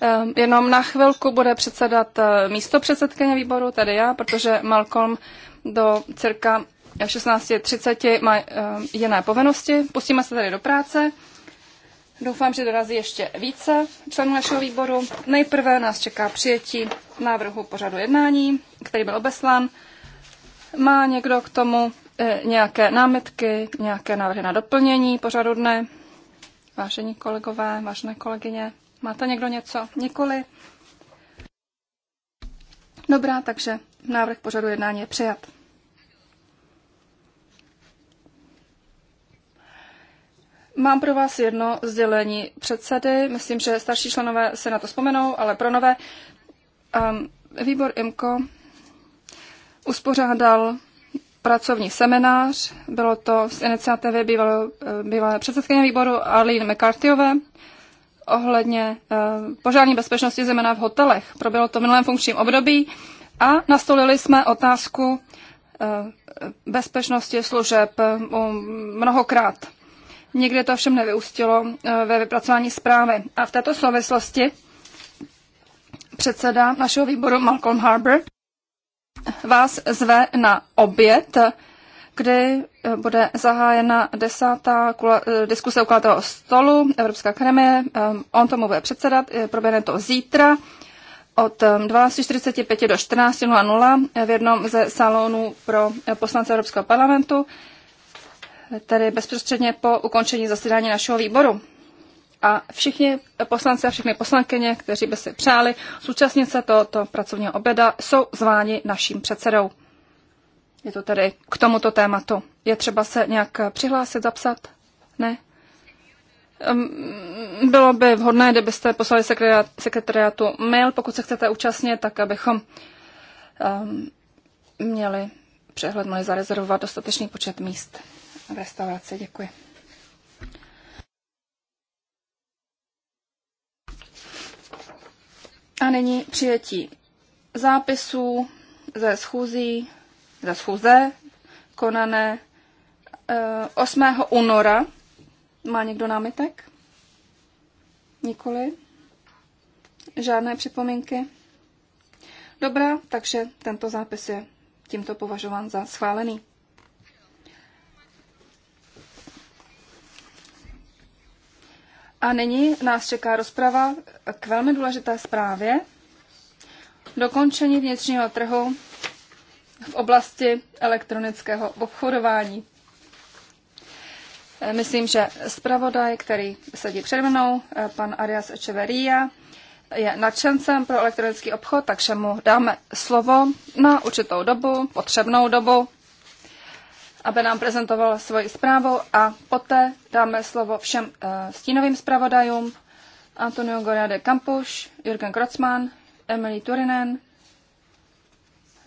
Ehm, jenom na chvilku bude předsedat eh, místo předsedkyně výboru, tedy já, protože Malcolm do cirka 16.30 má ehm, jiné povinnosti. Pustíme se tady do práce. Doufám, že dorazí ještě více členů našeho výboru. Nejprve nás čeká přijetí návrhu pořadu jednání, který byl obeslán. Má někdo k tomu eh, nějaké námitky, nějaké návrhy na doplnění pořadu dne? Vážení kolegové, vážené kolegyně. Máte někdo něco? Nikoli? Dobrá, takže návrh pořadu jednání je přijat. Mám pro vás jedno sdělení předsedy. Myslím, že starší členové se na to vzpomenou, ale pro nové. Um, výbor IMCO uspořádal pracovní seminář. Bylo to z iniciativy bývalé, eh, bývalé předsedkyně výboru Arlene McCarthyové ohledně eh, požární bezpečnosti, zejména v hotelech. probělo to v minulém funkčním období a nastolili jsme otázku eh, bezpečnosti služeb eh, mnohokrát. Nikdy to všem nevyústilo ve vypracování zprávy. A v této souvislosti předseda našeho výboru Malcolm Harbour vás zve na oběd kdy eh, bude zahájena desátá kula, eh, diskuse u kulatého stolu Evropská akademie. Eh, on tomu bude předsedat, proběhne to zítra od 12.45 do 14.00 v jednom ze salonů pro poslance Evropského parlamentu, tedy bezprostředně po ukončení zasedání našeho výboru. A všichni poslanci a všechny poslankyně, kteří by si přáli zúčastnit se tohoto pracovního oběda, jsou zváni naším předsedou. Je to tedy k tomuto tématu. Je třeba se nějak přihlásit, zapsat? Ne? Bylo by vhodné, kdybyste poslali sekretariátu mail, pokud se chcete účastnit, tak abychom um, měli přehled, mohli zarezervovat dostatečný počet míst v restauraci. Děkuji. A nyní přijetí zápisů ze schůzí za schůze konané 8. Eh, února. Má někdo námitek? Nikoli? Žádné připomínky? Dobrá, takže tento zápis je tímto považován za schválený. A nyní nás čeká rozprava k velmi důležité zprávě. Dokončení vnitřního trhu v oblasti elektronického obchodování. Eh, myslím, že zpravodaj, který sedí před mnou, eh, pan Arias Echeveria, je nadšencem pro elektronický obchod, takže mu dáme slovo na určitou dobu, potřebnou dobu, aby nám prezentoval svoji zprávu a poté dáme slovo všem eh, stínovým zpravodajům Antonio Goriade de Campuš, Jürgen Krocman, Emily Turinen,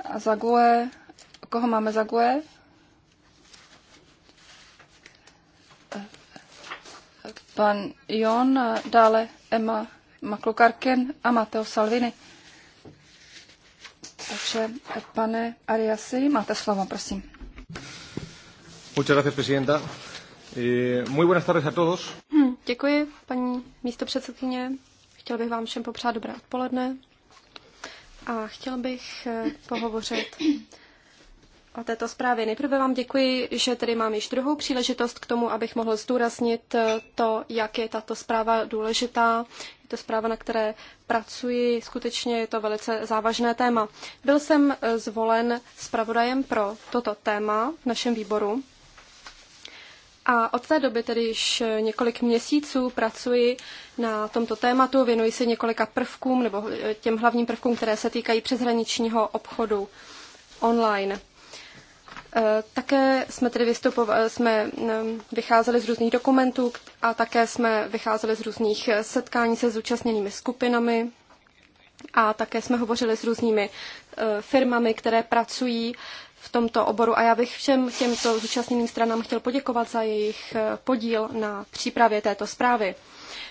a Zague, koho máme Zague? Pan Jon, dále Emma Maklukarken a Mateo Salvini. Takže, pane Ariasi, máte slovo, prosím. Muchas gracias, presidenta. Eh, muy buenas tardes a todos. Hm, děkuji, paní předsedkyně. Chtěl bych vám všem popřát dobré odpoledne a chtěl bych eh, pohovořit o této zprávě. Nejprve vám děkuji, že tady mám již druhou příležitost k tomu, abych mohl zdůraznit eh, to, jak je tato zpráva důležitá. Je to zpráva, na které pracuji. Skutečně je to velice závažné téma. Byl jsem eh, zvolen zpravodajem pro toto téma v našem výboru a od té doby tedy již několik měsíců pracuji na tomto tématu, věnuji se několika prvkům nebo eh, těm hlavním prvkům, které se týkají přeshraničního obchodu online. Eh, také jsme tedy vystupovali, eh, jsme vycházeli z různých dokumentů a také jsme vycházeli z různých setkání se zúčastněnými skupinami a také jsme hovořili s různými firmami, které pracují v tomto oboru a já bych všem těmto zúčastněným stranám chtěl poděkovat za jejich eh, podíl na přípravě této zprávy.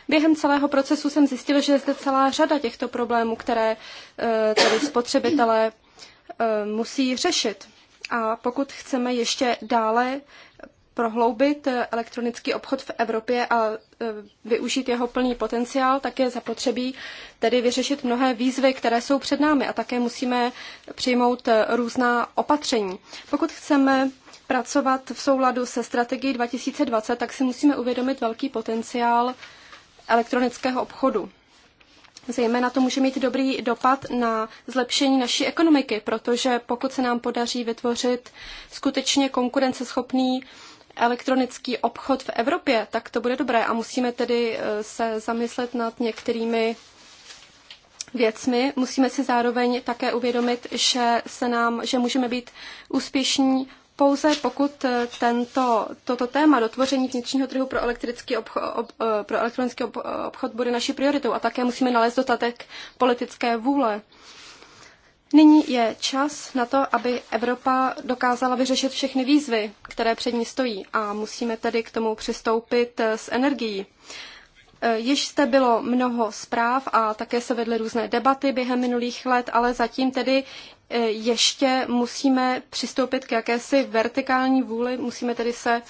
Během celého procesu jsem zjistil, že je zde celá řada těchto problémů, které eh, tedy spotřebitelé eh, musí řešit. A pokud chceme ještě dále prohloubit eh, elektronický obchod v Evropě a eh, využít jeho plný potenciál, tak je zapotřebí tedy vyřešit mnohé výzvy, které jsou před námi a také musíme přijmout eh, různá opatření. Pokud chceme pracovat v souladu se strategií 2020, tak si musíme uvědomit velký potenciál elektronického obchodu. Zejména to může mít dobrý dopad na zlepšení naší ekonomiky, protože pokud se nám podaří vytvořit skutečně konkurenceschopný elektronický obchod v Evropě, tak to bude dobré a musíme tedy eh, se zamyslet nad některými věcmi. Musíme si zároveň také uvědomit, že, se nám, že můžeme být úspěšní pouze pokud eh, tento, toto téma dotvoření vnitřního trhu pro, elektrický obchod, ob, eh, pro elektronický ob, obchod bude naší prioritou a také musíme nalézt dotatek politické vůle. Nyní je čas na to, aby Evropa dokázala vyřešit všechny výzvy, které před ní stojí a musíme tedy k tomu přistoupit eh, s energií. Eh, již jste bylo mnoho zpráv a také se vedly různé debaty během minulých let, ale zatím tedy eh, ještě musíme přistoupit k jakési vertikální vůli, musíme tedy se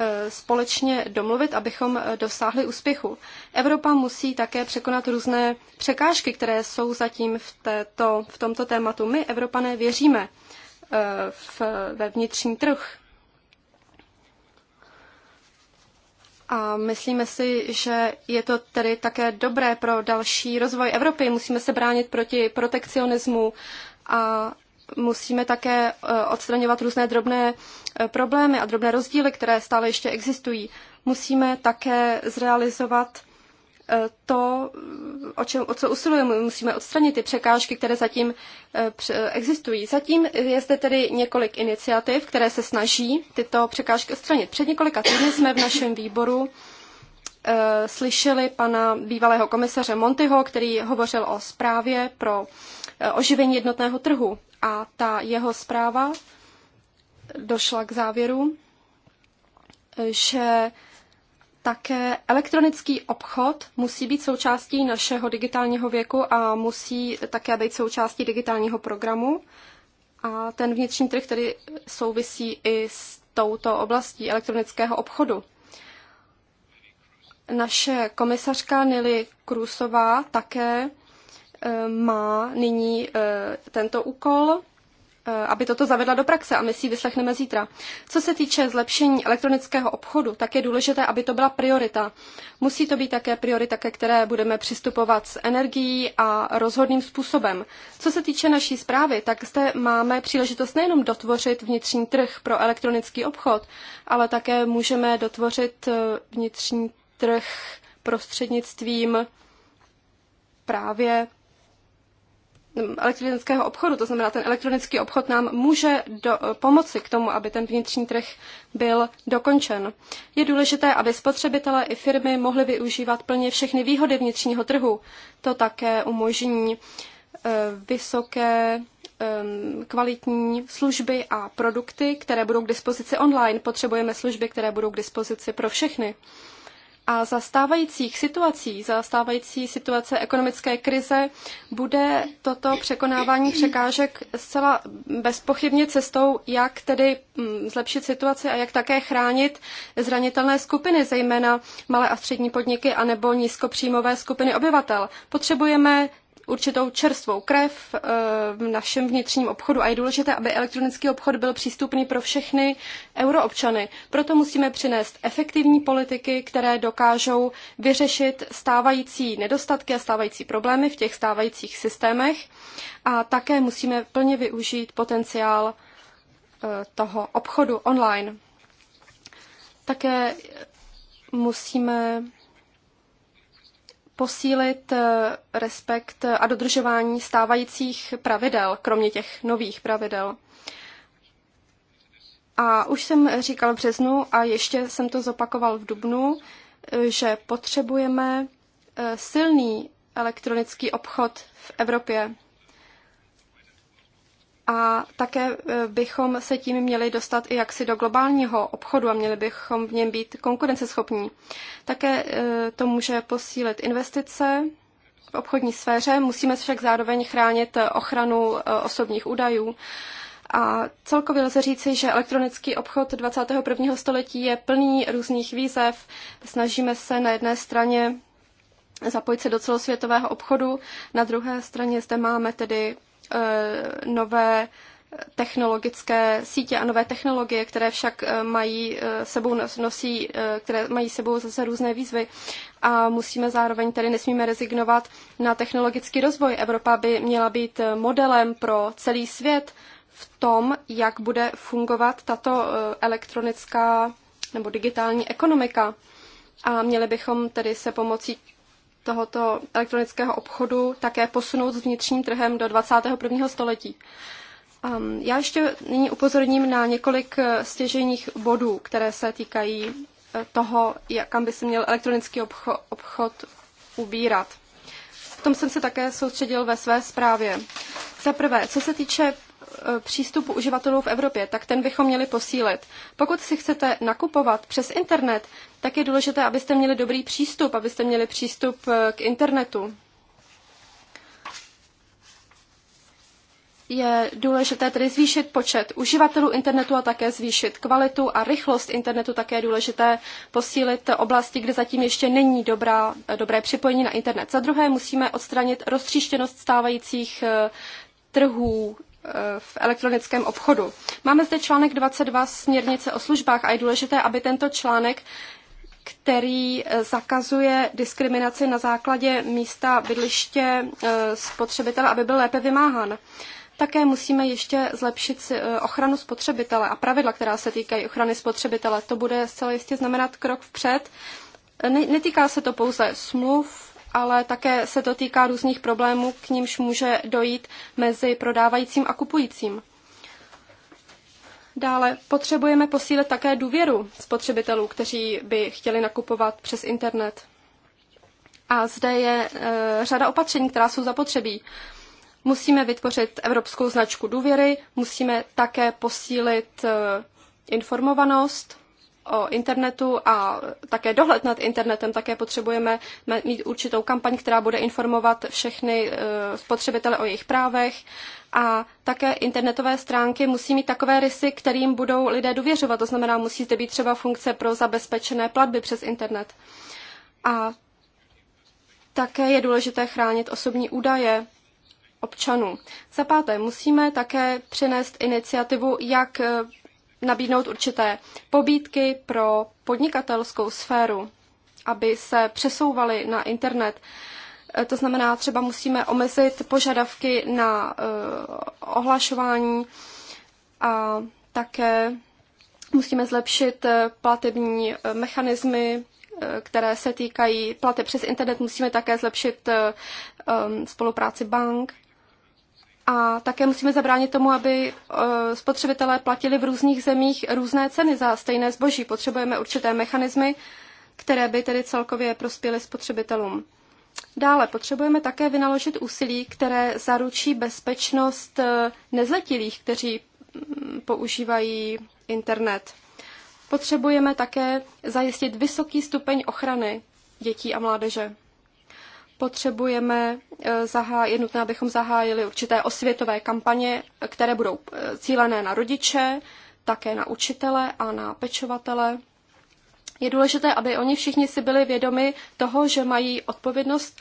Eh, společně domluvit, abychom eh, dosáhli úspěchu. Evropa musí také překonat různé překážky, které jsou zatím v, této, v tomto tématu. My, Evropané, věříme eh, v, ve vnitřní trh. A myslíme si, že je to tedy také dobré pro další rozvoj Evropy. Musíme se bránit proti protekcionismu a musíme také eh, odstraňovat různé drobné eh, problémy a drobné rozdíly, které stále ještě existují. Musíme také zrealizovat eh, to, o, čem, o co usilujeme. Musíme odstranit ty překážky, které zatím existují. Zatím je zde tedy několik iniciativ, které se snaží tyto překážky odstranit. Před několika týdny jsme v našem výboru Eh, slyšeli pana bývalého komisaře Montyho, který hovořil o zprávě pro eh, oživení jednotného trhu. A ta jeho zpráva došla k závěru, že také elektronický obchod musí být součástí našeho digitálního věku a musí také být součástí digitálního programu. A ten vnitřní trh tedy souvisí i s touto oblastí elektronického obchodu. Naše komisařka Nili Krusová také eh, má nyní eh, tento úkol, eh, aby toto zavedla do praxe a my si ji vyslechneme zítra. Co se týče zlepšení elektronického obchodu, tak je důležité, aby to byla priorita. Musí to být také priorita, ke které budeme přistupovat s energií a rozhodným způsobem. Co se týče naší zprávy, tak zde máme příležitost nejenom dotvořit vnitřní trh pro elektronický obchod, ale také můžeme dotvořit vnitřní trh prostřednictvím právě elektronického obchodu, to znamená, ten elektronický obchod nám může do, pomoci k tomu, aby ten vnitřní trh byl dokončen. Je důležité, aby spotřebitelé i firmy mohly využívat plně všechny výhody vnitřního trhu. To také umožní eh, vysoké ehm, kvalitní služby a produkty, které budou k dispozici online. Potřebujeme služby, které budou k dispozici pro všechny. A za stávajících situací, za stávající situace ekonomické krize, bude toto překonávání překážek zcela bezpochybně cestou, jak tedy mm, zlepšit situaci a jak také chránit zranitelné skupiny, zejména malé a střední podniky anebo nízkopříjmové skupiny obyvatel. Potřebujeme určitou čerstvou krev eh, v našem vnitřním obchodu a je důležité, aby elektronický obchod byl přístupný pro všechny euroobčany. Proto musíme přinést efektivní politiky, které dokážou vyřešit stávající nedostatky a stávající problémy v těch stávajících systémech a také musíme plně využít potenciál eh, toho obchodu online. Také musíme posílit eh, respekt eh, a dodržování stávajících pravidel, kromě těch nových pravidel. A už jsem říkal v březnu a ještě jsem to zopakoval v dubnu, eh, že potřebujeme silný elektronický obchod v Evropě a také e, bychom se tím měli dostat i jaksi do globálního obchodu a měli bychom v něm být konkurenceschopní. Také e, to může posílit investice v obchodní sféře, musíme však zároveň chránit e, ochranu osobních údajů. A celkově lze říci, že elektronický obchod 21. století je plný různých výzev. Snažíme se na jedné straně zapojit se do celosvětového obchodu, na druhé straně zde máme tedy Eh, nové technologické sítě a nové technologie, které však eh, mají eh, sebou nosí, které mají sebou zase různé výzvy a musíme zároveň tedy nesmíme rezignovat na technologický rozvoj. Evropa by měla být modelem pro celý svět v tom, jak bude fungovat tato elektronická nebo digitální ekonomika. A měli bychom tedy se pomocí tohoto elektronického obchodu také posunout s vnitřním trhem do 21. století. Um, já ještě nyní upozorním na několik eh, stěžejních bodů, které se týkají eh, toho, kam by se měl elektronický obcho- obchod ubírat. V tom jsem se také soustředil ve své zprávě. Za prvé, co se týče Eh, přístupu uživatelů v Evropě, tak ten bychom měli posílit. Pokud si chcete nakupovat přes internet, tak je důležité, abyste měli dobrý přístup, abyste měli přístup eh, k internetu. Je důležité tedy zvýšit počet uživatelů internetu a také zvýšit kvalitu a rychlost internetu. Také je důležité posílit oblasti, kde zatím ještě není dobrá, dobré připojení na internet. Za druhé musíme odstranit roztříštěnost stávajících eh, trhů Eh, v elektronickém obchodu. Máme zde článek 22 směrnice o službách a je důležité, aby tento článek který eh, zakazuje diskriminaci na základě místa bydliště eh, spotřebitele, aby byl lépe vymáhán. Také musíme ještě zlepšit ochranu spotřebitele a pravidla, která se týkají ochrany spotřebitele. To bude zcela jistě znamenat krok vpřed. Netýká se to pouze smluv, ale také se to týká různých problémů, k nímž může dojít mezi prodávajícím a kupujícím. Dále potřebujeme posílit také důvěru spotřebitelů, kteří by chtěli nakupovat přes internet. A zde je e, řada opatření, která jsou zapotřebí. Musíme vytvořit evropskou značku důvěry, musíme také posílit e, informovanost o internetu a také dohled nad internetem, také potřebujeme mít určitou kampaň, která bude informovat všechny eh, spotřebitele o jejich právech. A také internetové stránky musí mít takové rysy, kterým budou lidé důvěřovat. To znamená, musí zde být třeba funkce pro zabezpečené platby přes internet. A také je důležité chránit osobní údaje občanů. Za páté, musíme také přinést iniciativu, jak eh, nabídnout určité pobídky pro podnikatelskou sféru, aby se přesouvaly na internet. E, to znamená, třeba musíme omezit požadavky na uh, ohlašování a také musíme zlepšit e, platební mechanismy, které se týkají platy přes internet. Musíme také zlepšit um, spolupráci bank a také musíme zabránit tomu, aby eh, spotřebitelé platili v různých zemích různé ceny za stejné zboží. Potřebujeme určité mechanismy, které by tedy celkově prospěly spotřebitelům. Dále potřebujeme také vynaložit úsilí, které zaručí bezpečnost eh, nezletilých, kteří mm, používají internet. Potřebujeme také zajistit vysoký stupeň ochrany dětí a mládeže potřebujeme, eh, je nutné, abychom zahájili určité osvětové kampaně, které budou eh, cílené na rodiče, také na učitele a na pečovatele. Je důležité, aby oni všichni si byli vědomi toho, že mají odpovědnost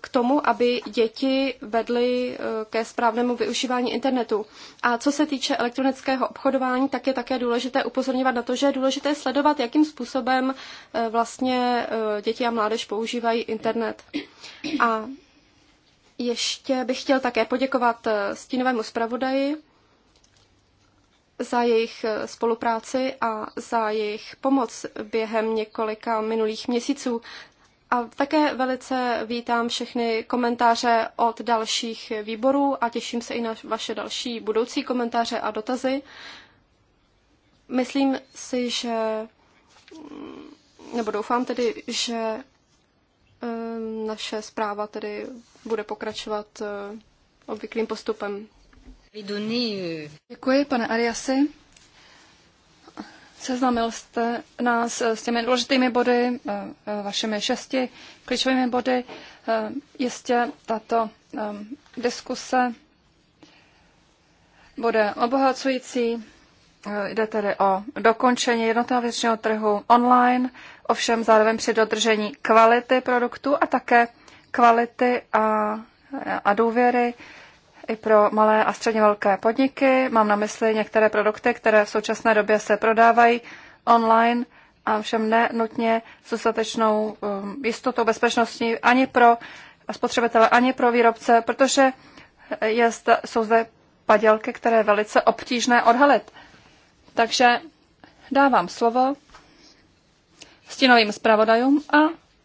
k tomu, aby děti vedly eh, ke správnému využívání internetu. A co se týče elektronického obchodování, tak je také důležité upozorňovat na to, že je důležité sledovat, jakým způsobem eh, vlastně eh, děti a mládež používají internet. A ještě bych chtěl také poděkovat stínovému zpravodaji za jejich spolupráci a za jejich pomoc během několika minulých měsíců. A také velice vítám všechny komentáře od dalších výborů a těším se i na vaše další budoucí komentáře a dotazy. Myslím si, že, nebo doufám tedy, že eh, naše zpráva tedy bude pokračovat eh, obvyklým postupem. Eh. Děkuji, pane Ariasi. Seznámil jste nás eh, s těmi důležitými body, eh, eh, vašimi šesti klíčovými body. Jistě tato diskuse bude obohacující. Jde tedy o dokončení jednotného věčného trhu online, ovšem zároveň při dodržení kvality produktu a také kvality a, a důvěry i pro malé a středně velké podniky. Mám na mysli některé produkty, které v současné době se prodávají online a všem ne nutně s dostatečnou um, jistotou bezpečnostní ani pro spotřebitele, ani pro výrobce, protože je, jsou zde padělky, které je velice obtížné odhalit. Takže dávám slovo stínovým zpravodajům a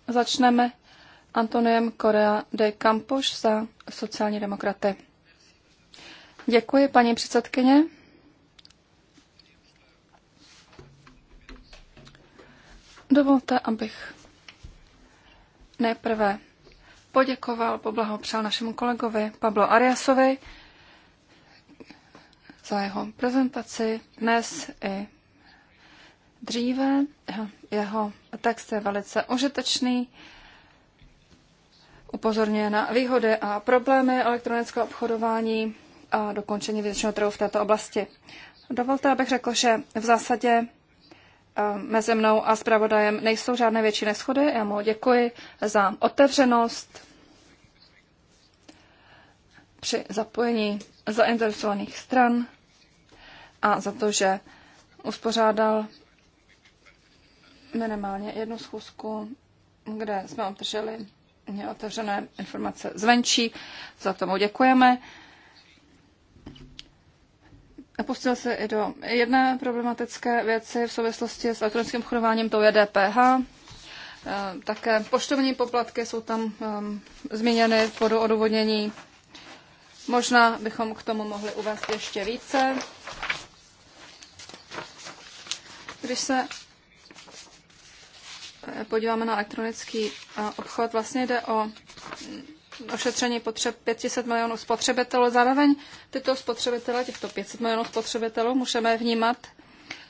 začneme Antoniem Korea de Campos za sociální demokraty. Děkuji, paní předsedkyně. Dovolte, abych nejprve poděkoval, poblahopřál našemu kolegovi Pablo Ariasovi za jeho prezentaci dnes i dříve. Jeho text je velice užitečný, upozorňuje na výhody a problémy elektronického obchodování a dokončení většinou trhu v této oblasti. Dovolte, abych řekl, že v zásadě eh, mezi mnou a zpravodajem nejsou žádné větší neschody. Já mu děkuji za otevřenost při zapojení zainteresovaných stran a za to, že uspořádal minimálně jednu schůzku, kde jsme obdrželi otevřené informace zvenčí. Za tomu děkujeme pustil se i do jedné problematické věci v souvislosti s elektronickým obchodováním, to je DPH. Eh, také poštovní poplatky jsou tam um, zmíněny v odůvodnění. Možná bychom k tomu mohli uvést ještě více. Když se eh, podíváme na elektronický eh, obchod, vlastně jde o ošetření potřeb 500 milionů spotřebitelů. Zároveň tyto spotřebitele, těchto 500 milionů spotřebitelů, můžeme vnímat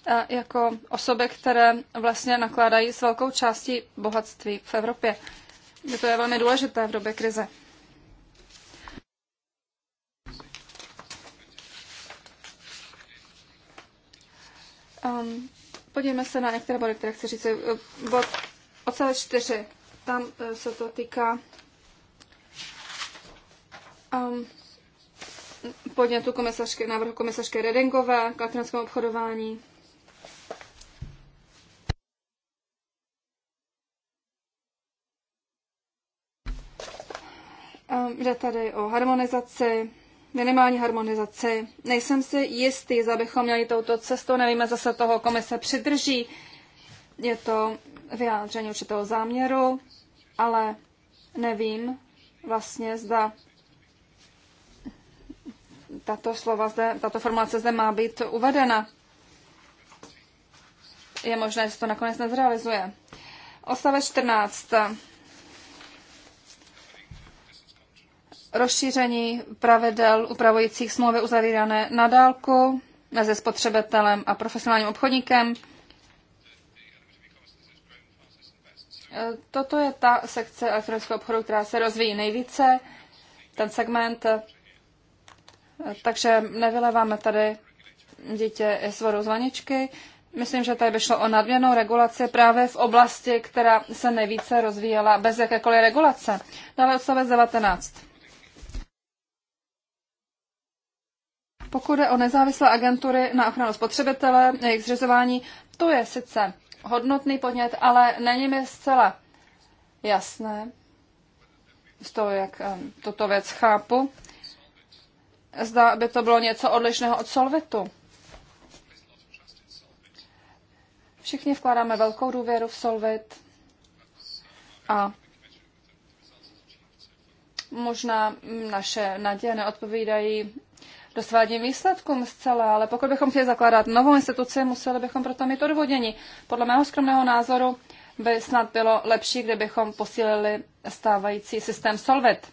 eh, jako osoby, které vlastně nakládají s velkou částí bohatství v Evropě. To je velmi důležité v době krize. Um, podívejme se na některé body, které chci říct. Eh, bod odstavec 4. Tam eh, se to týká um, podnětu komisařky, návrhu komisařky Redingové k elektronickému obchodování. Um, jde tady o harmonizaci, minimální harmonizaci. Nejsem si jistý, zda bychom měli touto cestou, nevíme, zase toho komise přidrží. Je to vyjádření určitého záměru, ale nevím vlastně, zda tato slova zde, tato formulace zde má být uvedena. Je možné, že se to nakonec nezrealizuje. Ostave 14. Rozšíření pravidel upravujících smlouvy uzavírané na dálku mezi spotřebitelem a profesionálním obchodníkem. Toto je ta sekce elektronického obchodu, která se rozvíjí nejvíce. Ten segment takže nevyleváme tady dítě s vodou z vaničky. Myslím, že tady by šlo o nadměrnou regulaci právě v oblasti, která se nejvíce rozvíjela bez jakékoliv regulace. Dále odstavec 19. Pokud je o nezávislé agentury na ochranu spotřebitele, jejich zřizování, to je sice hodnotný podnět, ale není mi zcela jasné z toho, jak tuto věc chápu zda by to bylo něco odlišného od solvitu. Všichni vkládáme velkou důvěru v solvit a možná naše naděje neodpovídají dosvádním výsledkům zcela, ale pokud bychom chtěli zakládat novou instituci, museli bychom proto mít odvodění. Podle mého skromného názoru by snad bylo lepší, kdybychom posílili stávající systém Solvit.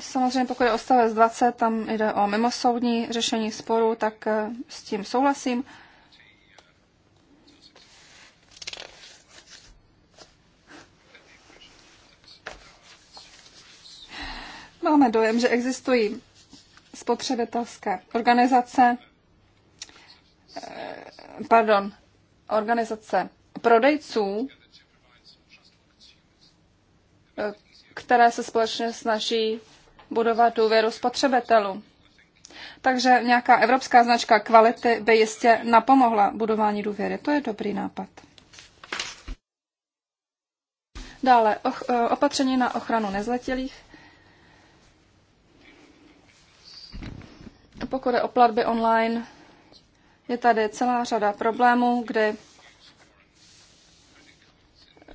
Samozřejmě pokud je odstavec 20, tam jde o mimosoudní řešení sporu, tak eh, s tím souhlasím. Máme dojem, že existují spotřebitelské organizace, eh, pardon, organizace prodejců, eh, které se společně snaží budovat důvěru spotřebitelů. Takže nějaká evropská značka kvality by jistě napomohla budování důvěry. To je dobrý nápad. Dále eh, opatření na ochranu nezletilých. Pokud je o platby online, je tady celá řada problémů, kdy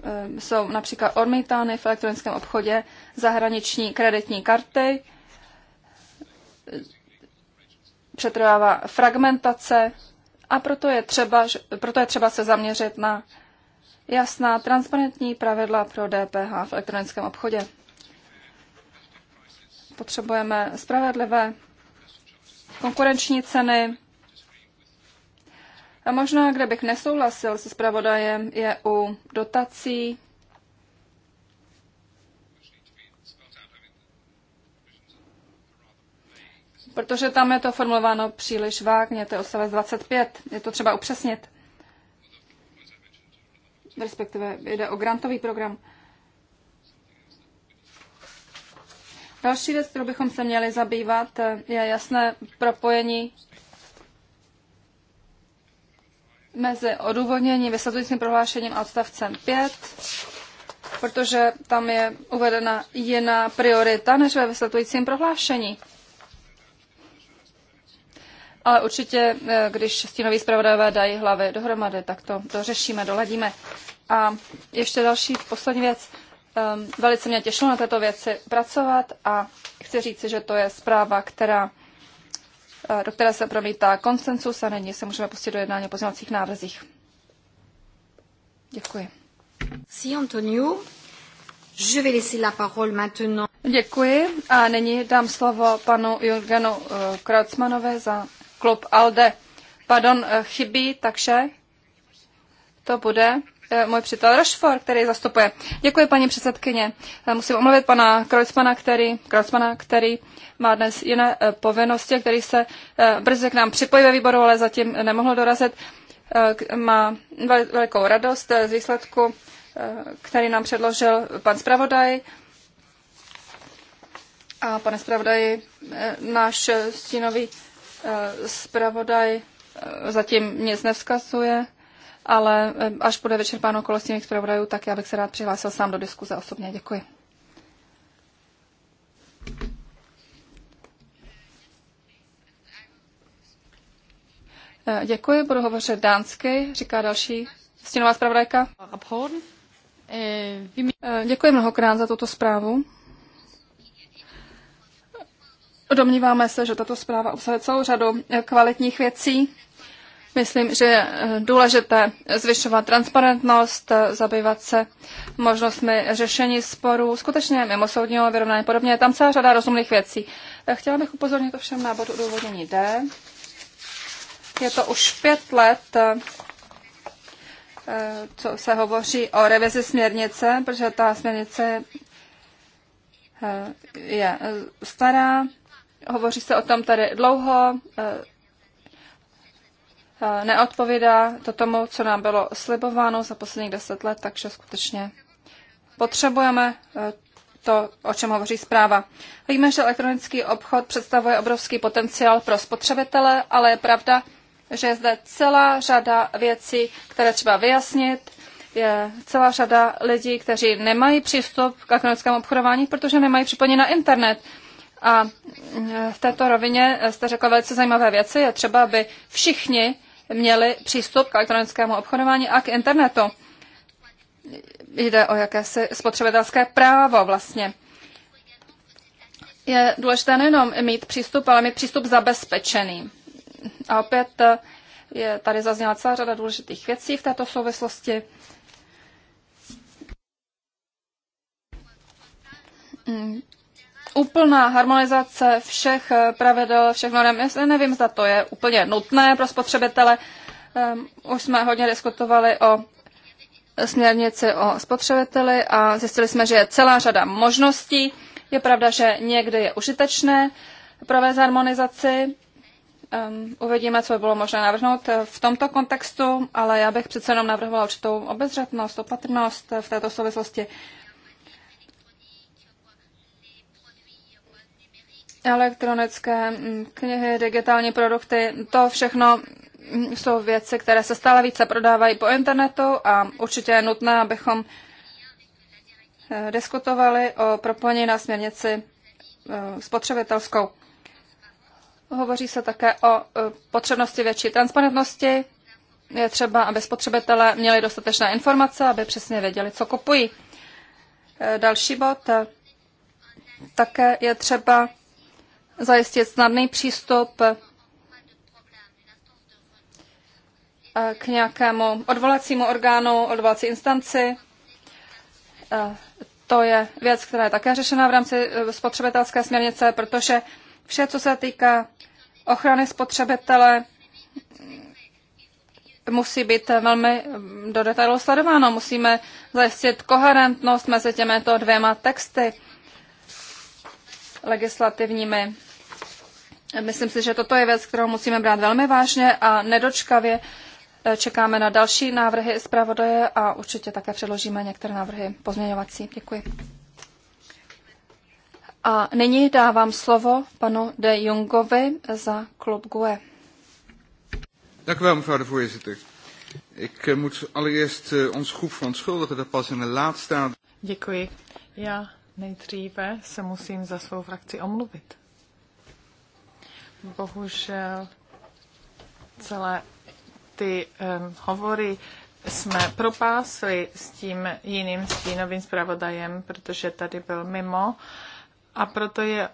Ehm, jsou například odmítány v elektronickém obchodě zahraniční kreditní karty, přetrvává fragmentace a proto je třeba, proto je třeba se zaměřit na jasná transparentní pravidla pro DPH v elektronickém obchodě. Potřebujeme spravedlivé konkurenční ceny, a možná, kde bych nesouhlasil se zpravodajem, je u dotací protože tam je to formulováno příliš vágně, to je odstavec 25, je to třeba upřesnit. Respektive jde o grantový program. Další věc, kterou bychom se měli zabývat, je jasné propojení mezi odůvodněním, vysvětlujícím prohlášením a odstavcem 5, protože tam je uvedena jiná priorita než ve vysvětlujícím prohlášení. Ale určitě, eh, když stínoví zpravodajové dají hlavy dohromady, tak to, to řešíme, doladíme. A ještě další, poslední věc. Ehm, velice mě těšilo na této věci pracovat a chci říci, že to je zpráva, která do které se promítá konsensus a nyní se můžeme pustit do jednání o pozměňovacích návrzích. Děkuji. Si Antonio, je vais laisser la parole maintenant. Děkuji a nyní dám slovo panu Jurgenu eh, Krautsmanovi za klub ALDE. Pardon, eh, chybí, takže to bude Eh, můj přítel Rošfor, který zastupuje. Děkuji, paní předsedkyně. Eh, musím omluvit pana Kreutzmana, který, Kreutzmana, který má dnes jiné eh, povinnosti, který se brzy k nám připojí ve výboru, ale zatím nemohl dorazit. Má velikou radost z výsledku, který nám předložil pan zpravodaj. A pane zpravodaji, náš stínový zpravodaj zatím nic nevzkazuje ale eh, až bude vyčerpáno kolo stínových zpravodajů, tak já bych se rád přihlásil sám do diskuze osobně. Děkuji. Eh, děkuji, budu hovořit dánsky, říká další stěnová zpravodajka. Eh, děkuji mnohokrát za tuto zprávu. Domníváme se, že tato zpráva obsahuje celou řadu kvalitních věcí, Myslím, že je eh, důležité zvyšovat transparentnost, eh, zabývat se možnostmi řešení sporů, skutečně mimo soudního vyrovnání podobně. Je tam celá řada rozumných věcí. Eh, chtěla bych upozornit ovšem na bod udůvodnění D. Je to už pět let, co se hovoří o revizi směrnice, protože ta směrnice je stará. Hovoří se o tom tady dlouho, Eh, neodpovídá to tomu, co nám bylo slibováno za posledních deset let, takže skutečně potřebujeme eh, to, o čem hovoří zpráva. Víme, že elektronický obchod představuje obrovský potenciál pro spotřebitele, ale je pravda, že je zde celá řada věcí, které třeba vyjasnit. Je celá řada lidí, kteří nemají přístup k elektronickému obchodování, protože nemají připojení na internet. A eh, v této rovině jste řekla velice zajímavé věci. Je třeba, aby všichni měli přístup k elektronickému obchodování a k internetu. Jde o jakési spotřebitelské právo vlastně. Je důležité nejenom mít přístup, ale mít přístup zabezpečený. A opět eh, je tady zazněla celá řada důležitých věcí v této souvislosti úplná harmonizace všech eh, pravidel, všech norm. Já nevím, zda to je úplně nutné pro spotřebitele. Ehm, už jsme hodně diskutovali o směrnici o spotřebiteli a zjistili jsme, že je celá řada možností. Je pravda, že někdy je užitečné provést harmonizaci. Um, uvidíme, co by bylo možné navrhnout eh, v tomto kontextu, ale já bych přece jenom navrhovala určitou obezřetnost, opatrnost eh, v této souvislosti. elektronické mm, knihy, digitální produkty, to všechno mm, jsou věci, které se stále více prodávají po internetu a určitě je nutné, abychom eh, diskutovali o propojení na směrnici eh, spotřebitelskou. Hovoří se také o eh, potřebnosti větší transparentnosti. Je třeba, aby spotřebitelé měli dostatečné informace, aby přesně věděli, co kupují. Další bod. Také je třeba zajistit snadný přístup eh, k nějakému odvolacímu orgánu, odvolací instanci. Eh, to je věc, která je také řešena v rámci eh, spotřebitelské směrnice, protože vše, co se týká ochrany spotřebitele, musí být velmi mm, do detailu sledováno. Musíme zajistit koherentnost mezi těmito dvěma texty legislativními. Myslím si, že toto je věc, kterou musíme brát velmi vážně a nedočkavě eh, čekáme na další návrhy zpravodaje a určitě také předložíme některé návrhy pozměňovací. Děkuji. A nyní dávám slovo panu De Jongovi za klub GUE. Dank u wel, mevrouw de voorzitter. Ik eh, moet allereerst eh, ons groep verontschuldigen dat pas in de laatste... Děkuji. Já nejdříve se musím za svou frakci omluvit bohužel celé ty um, hovory jsme propásli s tím jiným stínovým zpravodajem, protože tady byl mimo a proto je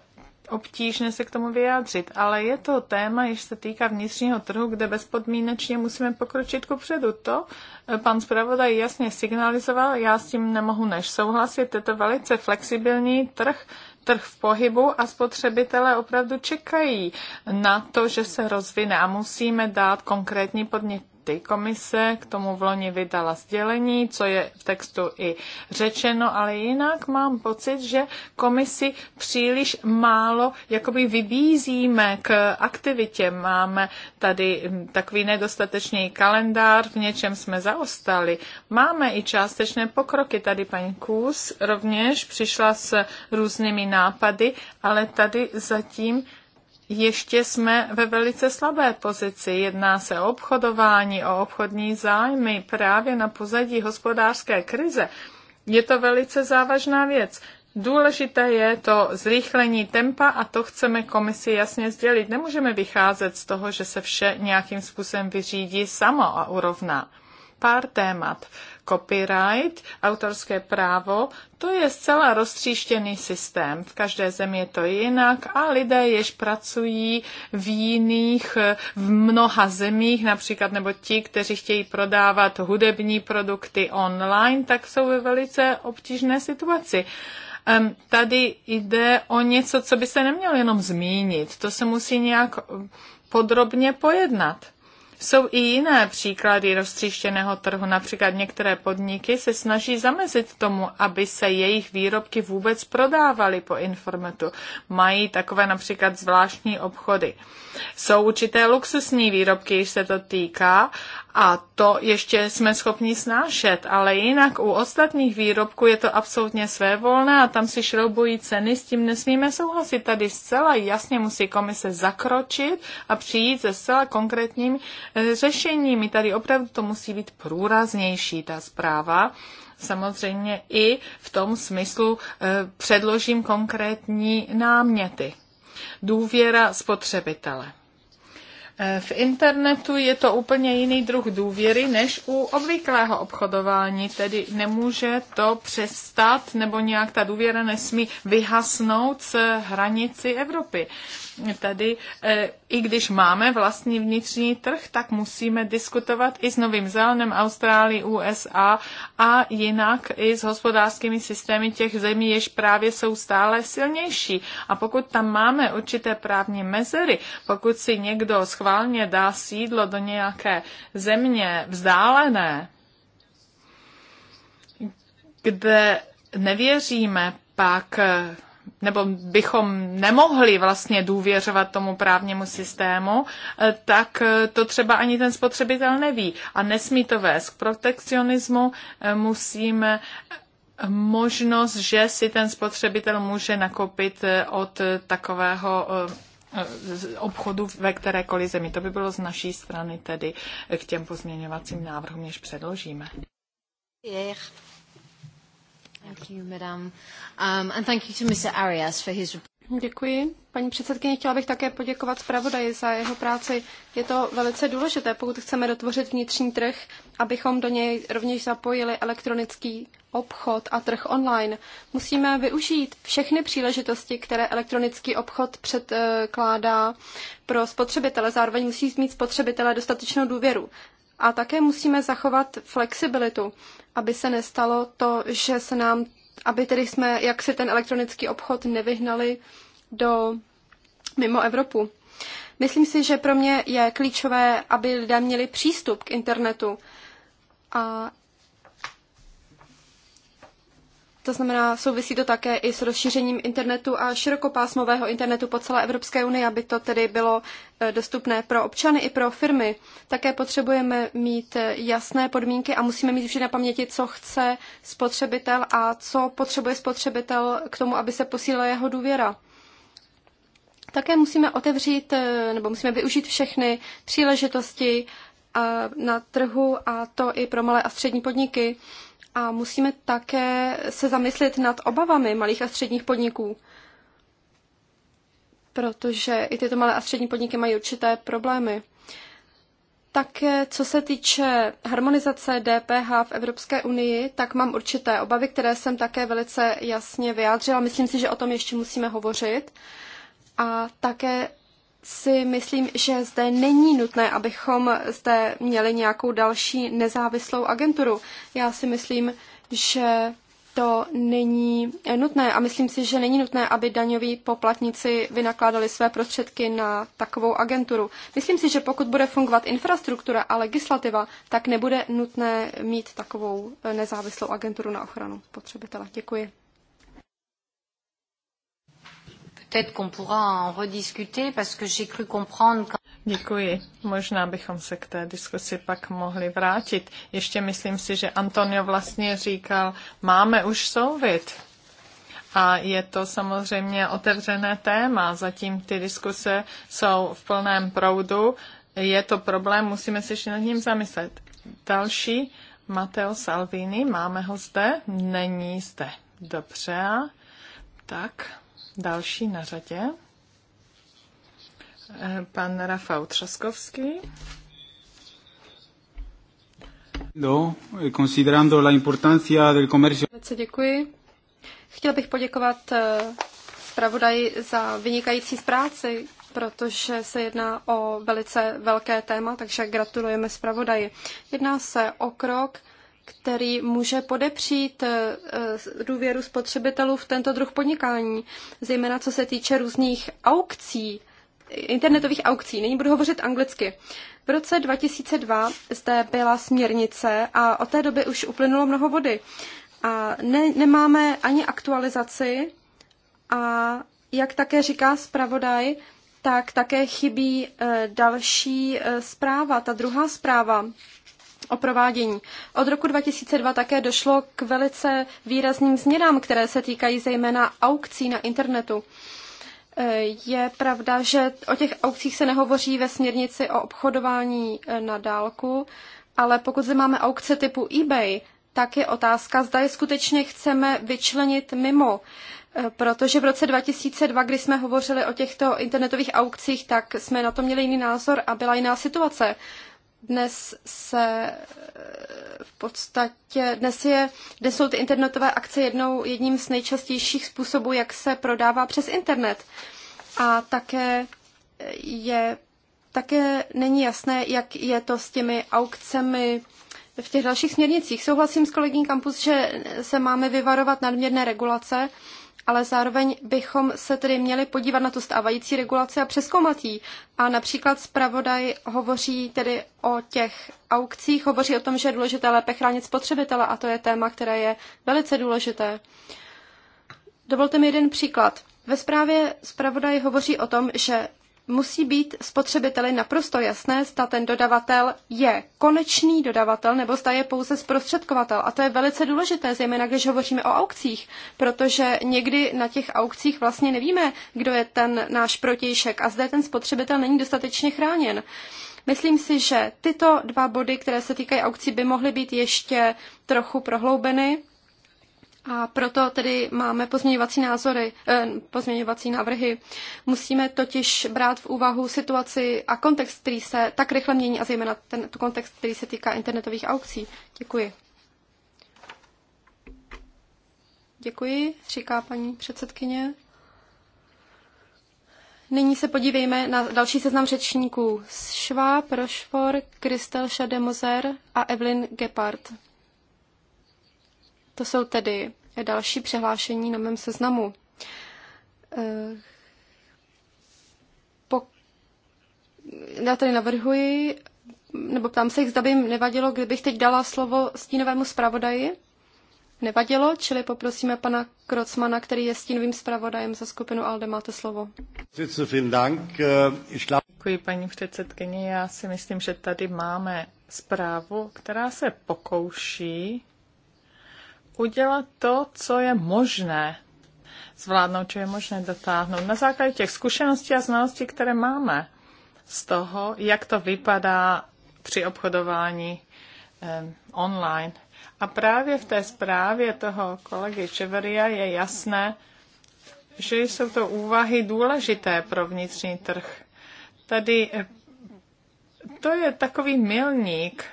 obtížné se k tomu vyjádřit, ale je to téma, jež se týká vnitřního trhu, kde bezpodmínečně musíme pokročit ku předu. To e, pan zpravodaj jasně signalizoval, já s tím nemohu než souhlasit. Je to velice flexibilní trh, trh v pohybu a spotřebitelé opravdu čekají na to, že se rozvine a musíme dát konkrétní podněty dokumenty. Komise k tomu v loni vydala sdělení, co je v textu i řečeno, ale jinak mám pocit, že komisi příliš málo jakoby vybízíme k aktivitě. Máme tady takový nedostatečný kalendář, v něčem jsme zaostali. Máme i částečné pokroky. Tady paní Kůz rovněž přišla s různými nápady, ale tady zatím ještě jsme ve velice slabé pozici. Jedná se o obchodování, o obchodní zájmy právě na pozadí hospodářské krize. Je to velice závažná věc. Důležité je to zrychlení tempa a to chceme komisi jasně sdělit. Nemůžeme vycházet z toho, že se vše nějakým způsobem vyřídí samo a urovná pár témat. Copyright, autorské právo, to je zcela roztříštěný systém. V každé zemi je to jinak a lidé, jež pracují v jiných, v mnoha zemích, například nebo ti, kteří chtějí prodávat hudební produkty online, tak jsou ve velice obtížné situaci. Tady jde o něco, co by se nemělo jenom zmínit. To se musí nějak podrobně pojednat. Jsou i jiné příklady roztříštěného trhu. Například některé podniky se snaží zamezit tomu, aby se jejich výrobky vůbec prodávaly po informatu. Mají takové například zvláštní obchody. Jsou určité luxusní výrobky, když se to týká, a to ještě jsme schopni snášet, ale jinak u ostatních výrobků je to absolutně svévolné a tam si šroubují ceny, s tím nesmíme souhlasit. Tady zcela jasně musí komise zakročit a přijít se zcela konkrétním eh, řešením. Tady opravdu to musí být průraznější ta zpráva samozřejmě i v tom smyslu eh, předložím konkrétní náměty. Důvěra spotřebitele. Eh, v internetu je to úplně jiný druh důvěry než u obvyklého obchodování, tedy nemůže to přestat nebo nějak ta důvěra nesmí vyhasnout z hranici Evropy tady, e, i když máme vlastní vnitřní trh, tak musíme diskutovat i s Novým Zelenem, Austrálií, USA a jinak i s hospodářskými systémy těch zemí, jež právě jsou stále silnější. A pokud tam máme určité právní mezery, pokud si někdo schválně dá sídlo do nějaké země vzdálené, kde nevěříme pak nebo bychom nemohli vlastně důvěřovat tomu právnímu systému, eh, tak eh, to třeba ani ten spotřebitel neví. A nesmí to vést k protekcionismu, eh, musíme možnost, že si ten spotřebitel může nakoupit od takového obchodu ve kterékoliv zemi. To by bylo z naší strany tedy k těm pozměňovacím návrhům, než předložíme. Yeah. Um, Děkuji. Paní předsedkyně, chtěla bych také poděkovat zpravodaji za jeho práci. Je to velice důležité, pokud chceme dotvořit vnitřní trh, abychom do něj rovněž zapojili elektronický obchod a trh online. Musíme využít všechny příležitosti, které elektronický obchod předkládá pro spotřebitele. Zároveň musí mít spotřebitele dostatečnou důvěru. A také musíme zachovat flexibilitu, aby se nestalo to, že se nám, aby tedy jsme jak si ten elektronický obchod nevyhnali do mimo Evropu. Myslím si, že pro mě je klíčové, aby lidé měli přístup k internetu. A to znamená, souvisí to také i s rozšířením internetu a širokopásmového internetu po celé Evropské unii, aby to tedy bylo eh, dostupné pro občany i pro firmy. Také potřebujeme mít eh, jasné podmínky a musíme mít vždy na paměti, co chce spotřebitel a co potřebuje spotřebitel k tomu, aby se posílila jeho důvěra. Také musíme otevřít eh, nebo musíme využít všechny příležitosti na trhu a to i pro malé a střední podniky. A musíme také se zamyslet nad obavami malých a středních podniků, protože i tyto malé a střední podniky mají určité problémy. Také co se týče harmonizace DPH v Evropské unii, tak mám určité obavy, které jsem také velice jasně vyjádřila. Myslím si, že o tom ještě musíme hovořit. A také si myslím, že zde není nutné, abychom zde měli nějakou další nezávislou agenturu. Já si myslím, že to není nutné a myslím si, že není nutné, aby daňoví poplatníci vynakládali své prostředky na takovou agenturu. Myslím si, že pokud bude fungovat infrastruktura a legislativa, tak nebude nutné mít takovou nezávislou agenturu na ochranu spotřebitele. Děkuji peut pourra en rediscuter parce que j'ai cru comprendre quand... Děkuji. Možná bychom se k té diskusi pak mohli vrátit. Ještě myslím si, že Antonio vlastně říkal, máme už souvit. A je to samozřejmě otevřené téma. Zatím ty diskuse jsou v plném proudu. Je to problém, musíme se ještě nad ním zamyslet. Další, Mateo Salvini, máme ho zde? Není zde. Dobře. Tak. Další na řadě. Eh, pan Rafał Trzaskowski. No, considerando la importancia del comercio. Velice Děkuji. Chtěl bych poděkovat eh, zpravodaji za vynikající práci, protože se jedná o velice velké téma, takže gratulujeme zpravodaji. Jedná se o krok, který může podepřít eh, eh, důvěru spotřebitelů v tento druh podnikání, zejména co se týče různých aukcí, internetových aukcí. Nyní budu hovořit anglicky. V roce 2002 zde byla směrnice a od té doby už uplynulo mnoho vody. A ne, nemáme ani aktualizaci a jak také říká zpravodaj, tak také chybí eh, další zpráva, ta druhá zpráva, o provádění. Od roku 2002 také došlo k velice výrazným změnám, které se týkají zejména aukcí na internetu. Eh, je pravda, že o těch aukcích se nehovoří ve směrnici o obchodování eh, na dálku, ale pokud zde máme aukce typu eBay, tak je otázka, zda je skutečně chceme vyčlenit mimo. Eh, protože v roce 2002, kdy jsme hovořili o těchto internetových aukcích, tak jsme na to měli jiný názor a byla jiná situace dnes se eh, v podstatě, dnes, je, dnes jsou ty internetové akce jednou, jedním z nejčastějších způsobů, jak se prodává přes internet. A také je, také není jasné, jak je to s těmi aukcemi v těch dalších směrnicích. Souhlasím s kolegyn Kampus, že se máme vyvarovat nadměrné regulace, ale zároveň bychom se tedy měli podívat na tu stávající regulaci a přeskoumat ji. A například zpravodaj hovoří tedy o těch aukcích, hovoří o tom, že je důležité lépe chránit spotřebitele a to je téma, které je velice důležité. Dovolte mi jeden příklad. Ve zprávě zpravodaj hovoří o tom, že musí být spotřebiteli naprosto jasné, zda ten dodavatel je konečný dodavatel nebo zda je pouze zprostředkovatel. A to je velice důležité, zejména když hovoříme o aukcích, protože někdy na těch aukcích vlastně nevíme, kdo je ten náš protějšek a zde ten spotřebitel není dostatečně chráněn. Myslím si, že tyto dva body, které se týkají aukcí, by mohly být ještě trochu prohloubeny a proto tedy máme pozměňovací názory, eh, pozměňovací návrhy. Musíme totiž brát v úvahu situaci a kontext, který se tak rychle mění, a zejména ten kontext, který se týká internetových aukcí. Děkuji. Děkuji, říká paní předsedkyně. Nyní se podívejme na další seznam řečníků. Schwab, Rochefort, Kristel Schademoser a Evelyn Gepard. To jsou tedy další přihlášení na mém seznamu. Eh, po... Já tady navrhuji, nebo ptám se, zda by jim nevadilo, kdybych teď dala slovo stínovému zpravodaji. Nevadilo, čili poprosíme pana Krocmana, který je stínovým zpravodajem za skupinu ALDE. Máte slovo. Děkuji, paní předsedkyně. Já si myslím, že tady máme zprávu, která se pokouší udělat to, co je možné zvládnout, co je možné dotáhnout. Na základě těch zkušeností a znalostí, které máme z toho, jak to vypadá při obchodování eh, online. A právě v té zprávě toho kolegy Čeveria je jasné, že jsou to úvahy důležité pro vnitřní trh. Tady eh, to je takový milník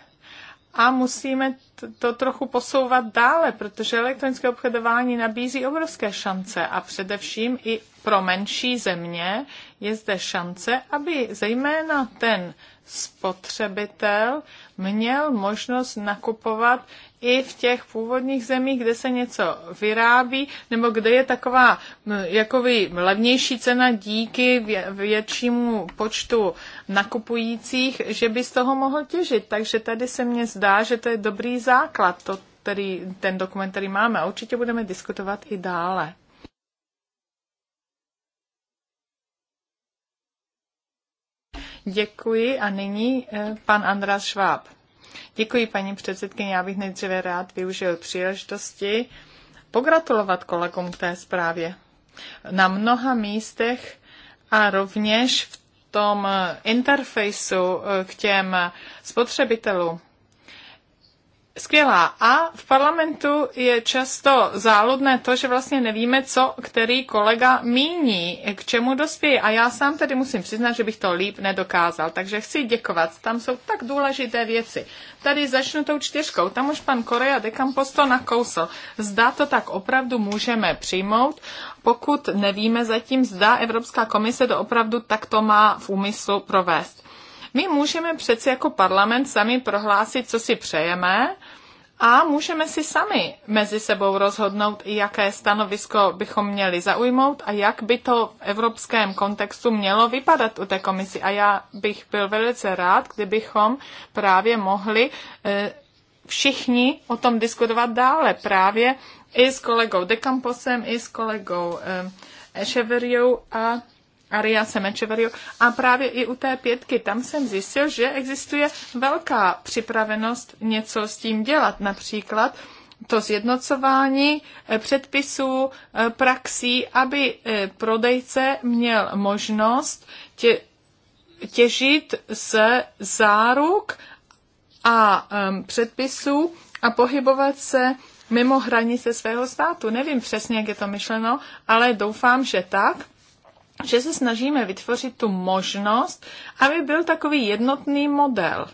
a musíme to trochu posouvat dále, protože elektronické obchodování nabízí obrovské šance a především i pro menší země je zde šance, aby zejména ten spotřebitel měl možnost nakupovat i v těch původních zemích, kde se něco vyrábí, nebo kde je taková jakoby levnější cena díky většímu počtu nakupujících, že by z toho mohl těžit. Takže tady se mně zdá, že to je dobrý základ, to, který, ten dokument, který máme. A určitě budeme diskutovat i dále. Děkuji a nyní eh, pan András Šváb. Děkuji, paní předsedkyně. Já bych nejdříve rád využil příležitosti pogratulovat kolegům k té zprávě. Na mnoha místech a rovněž v tom interfejsu k těm spotřebitelům skvělá. A v parlamentu je často záludné to, že vlastně nevíme, co který kolega míní, k čemu dospěje. A já sám tedy musím přiznat, že bych to líp nedokázal. Takže chci děkovat. Tam jsou tak důležité věci. Tady začnu tou čtyřkou. Tam už pan Korea de Campos to nakousl. Zdá to tak opravdu můžeme přijmout, pokud nevíme zatím, zda Evropská komise to opravdu takto má v úmyslu provést. My můžeme přece jako parlament sami prohlásit, co si přejeme, a můžeme si sami mezi sebou rozhodnout, jaké stanovisko bychom měli zaujmout a jak by to v evropském kontextu mělo vypadat u té komisi. A já bych byl velice rád, kdybychom právě mohli eh, všichni o tom diskutovat dále. Právě i s kolegou Dekamposem, i s kolegou Eševeriou eh, a Aria Semečeverio. A právě i u té pětky, tam jsem zjistil, že existuje velká připravenost něco s tím dělat. Například to zjednocování eh, předpisů, eh, praxí, aby eh, prodejce měl možnost tě, těžit se záruk a um, předpisů a pohybovat se mimo hranice svého státu. Nevím přesně, jak je to myšleno, ale doufám, že tak, že se snažíme vytvořit tu možnost, aby byl takový jednotný model,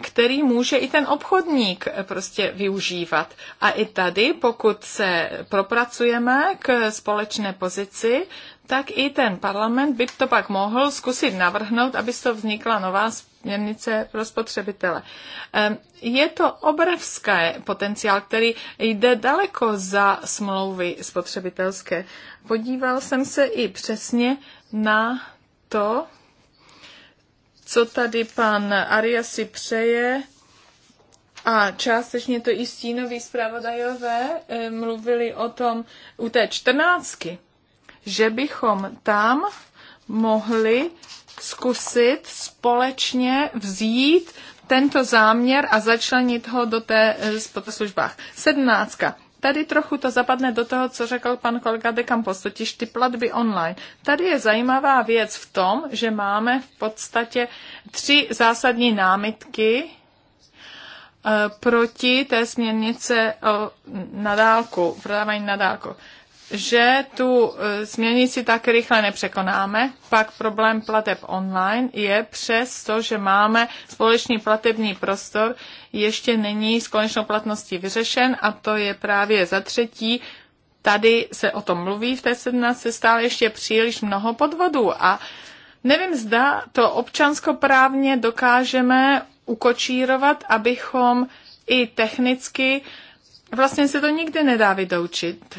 který může i ten obchodník eh, prostě využívat. A i tady, pokud se propracujeme k společné pozici, tak i ten parlament by to pak mohl zkusit navrhnout, aby to vznikla nová společnost směrnice pro spotřebitele. Je to obrovský potenciál, který jde daleko za smlouvy spotřebitelské. Podíval jsem se i přesně na to, co tady pan Aria si přeje, a částečně to i stínoví zpravodajové eh, mluvili o tom u té čtrnáctky, že bychom tam mohli zkusit společně vzít tento záměr a začlenit ho do té eh, službách. Sedmnáctka. Tady trochu to zapadne do toho, co řekl pan kolega de Campos, totiž ty platby online. Tady je zajímavá věc v tom, že máme v podstatě tři zásadní námitky eh, proti té směrnice o nadálku, prodávání nadálku že tu e, směrnici tak rychle nepřekonáme. Pak problém plateb online je přes to, že máme společný platební prostor, ještě není s konečnou platností vyřešen a to je právě za třetí. Tady se o tom mluví v té 17. stále ještě příliš mnoho podvodů a nevím, zda to občanskoprávně dokážeme ukočírovat, abychom i technicky, vlastně se to nikdy nedá vydoučit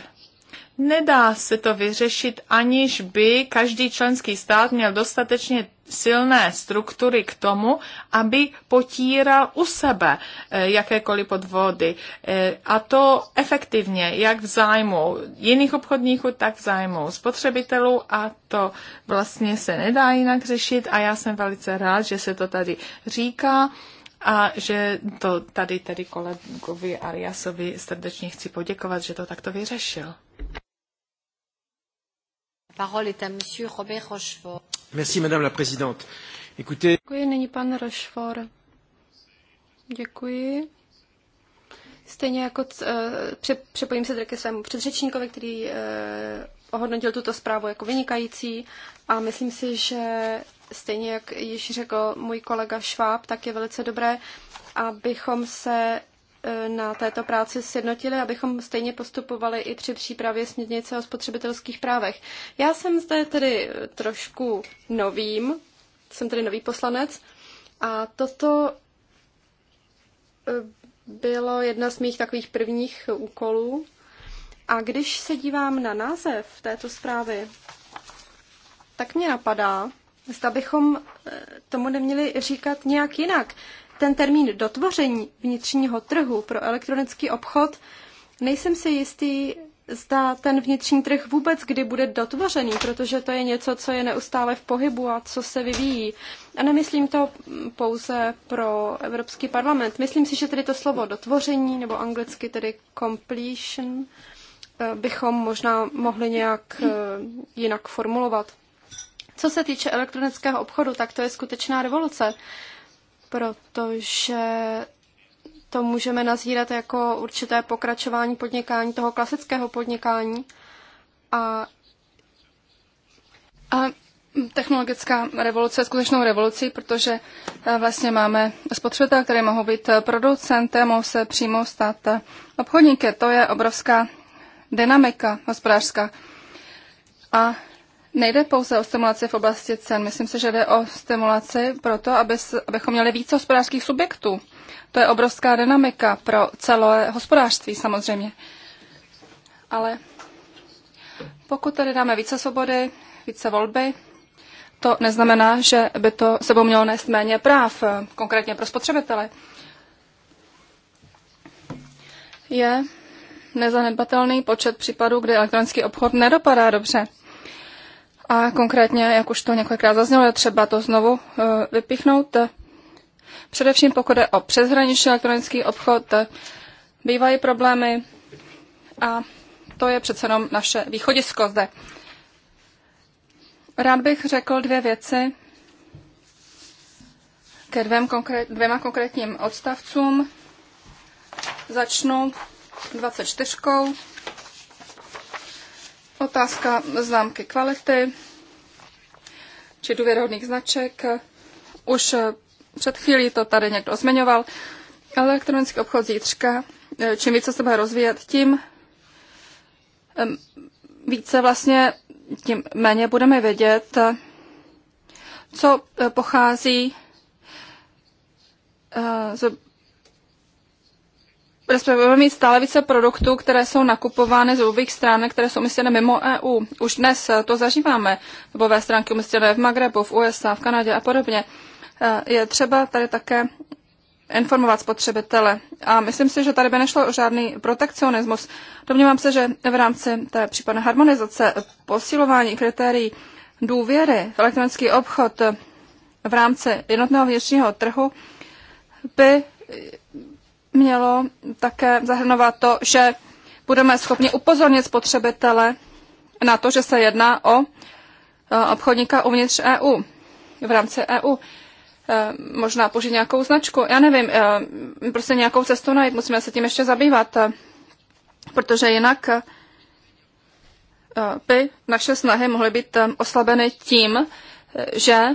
Nedá se to vyřešit, aniž by každý členský stát měl dostatečně silné struktury k tomu, aby potíral u sebe eh, jakékoliv podvody. Eh, a to efektivně, jak v zájmu jiných obchodníků, tak v zájmu spotřebitelů a to vlastně se nedá jinak řešit a já jsem velice rád, že se to tady říká a že to tady tady kolegovi Ariasovi srdečně chci poděkovat, že to takto vyřešil. Parole est à monsieur Robert Rochefort. Merci, madame la présidente. Écoutez... Děkuji, není pan Rochefort. Děkuji. Stejně jako uh, pře, přepojím se tedy ke svému předřečníkovi, který uh, ohodnotil tuto zprávu jako vynikající a myslím si, že stejně jak již řekl můj kolega Šváb, tak je velice dobré, abychom se Eh, na této práci sjednotili, abychom stejně postupovali i při přípravě směrnice o spotřebitelských právech. Já jsem zde tedy trošku novým, jsem tedy nový poslanec a toto eh, bylo jedna z mých takových prvních úkolů. A když se dívám na název této zprávy, tak mě napadá, zda bychom eh, tomu neměli říkat nějak jinak ten termín dotvoření vnitřního trhu pro elektronický obchod, nejsem si jistý, zda ten vnitřní trh vůbec kdy bude dotvořený, protože to je něco, co je neustále v pohybu a co se vyvíjí. A nemyslím to pouze pro Evropský parlament. Myslím si, že tedy to slovo dotvoření, nebo anglicky tedy completion, eh, bychom možná mohli nějak eh, jinak formulovat. Co se týče elektronického obchodu, tak to je skutečná revoluce protože to můžeme nazírat jako určité pokračování podnikání, toho klasického podnikání. A, a technologická revoluce je skutečnou revolucí, protože eh, vlastně máme spotřebitele, které mohou být eh, producentem, mohou se přímo stát eh, obchodníky. To je obrovská dynamika hospodářská. A Nejde pouze o stimulaci v oblasti cen, myslím si, že jde o stimulaci pro to, aby, abychom měli více hospodářských subjektů. To je obrovská dynamika pro celé hospodářství samozřejmě. Ale pokud tady dáme více svobody, více volby, to neznamená, že by to sebou mělo nést méně práv, konkrétně pro spotřebitele. Je nezanedbatelný počet případů, kdy elektronický obchod nedopadá dobře. A konkrétně, jak už to několikrát zaznělo, je třeba to znovu eh, vypichnout. Především pokud je o přeshraniční elektronický obchod, bývají problémy a to je přece jenom naše východisko zde. Rád bych řekl dvě věci ke dvěm konkrét, dvěma konkrétním odstavcům. Začnu 24. Otázka známky kvality či důvěrohodných značek. Už před chvílí to tady někdo zmiňoval. Elektronický obchod zítřka, čím více se bude rozvíjet, tím více vlastně, tím méně budeme vědět, co pochází eh, z respektive mít stále více produktů, které jsou nakupovány z obých stran, které jsou umístěny mimo EU. Už dnes eh, to zažíváme. Webové stránky umístěné v Magrebu, v USA, v Kanadě a podobně. Eh, je třeba tady také informovat spotřebitele. A myslím si, že tady by nešlo o žádný protekcionismus. Domnívám se, že v rámci té případné harmonizace posilování kritérií důvěry v elektronický obchod v rámci jednotného vnitřního trhu by mělo také zahrnovat to, že budeme schopni upozornit spotřebitele na to, že se jedná o e, obchodníka uvnitř EU, v rámci EU. E, možná použít nějakou značku, já nevím, e, prostě nějakou cestu najít, musíme se tím ještě zabývat, protože jinak by naše snahy mohly být oslabeny tím, že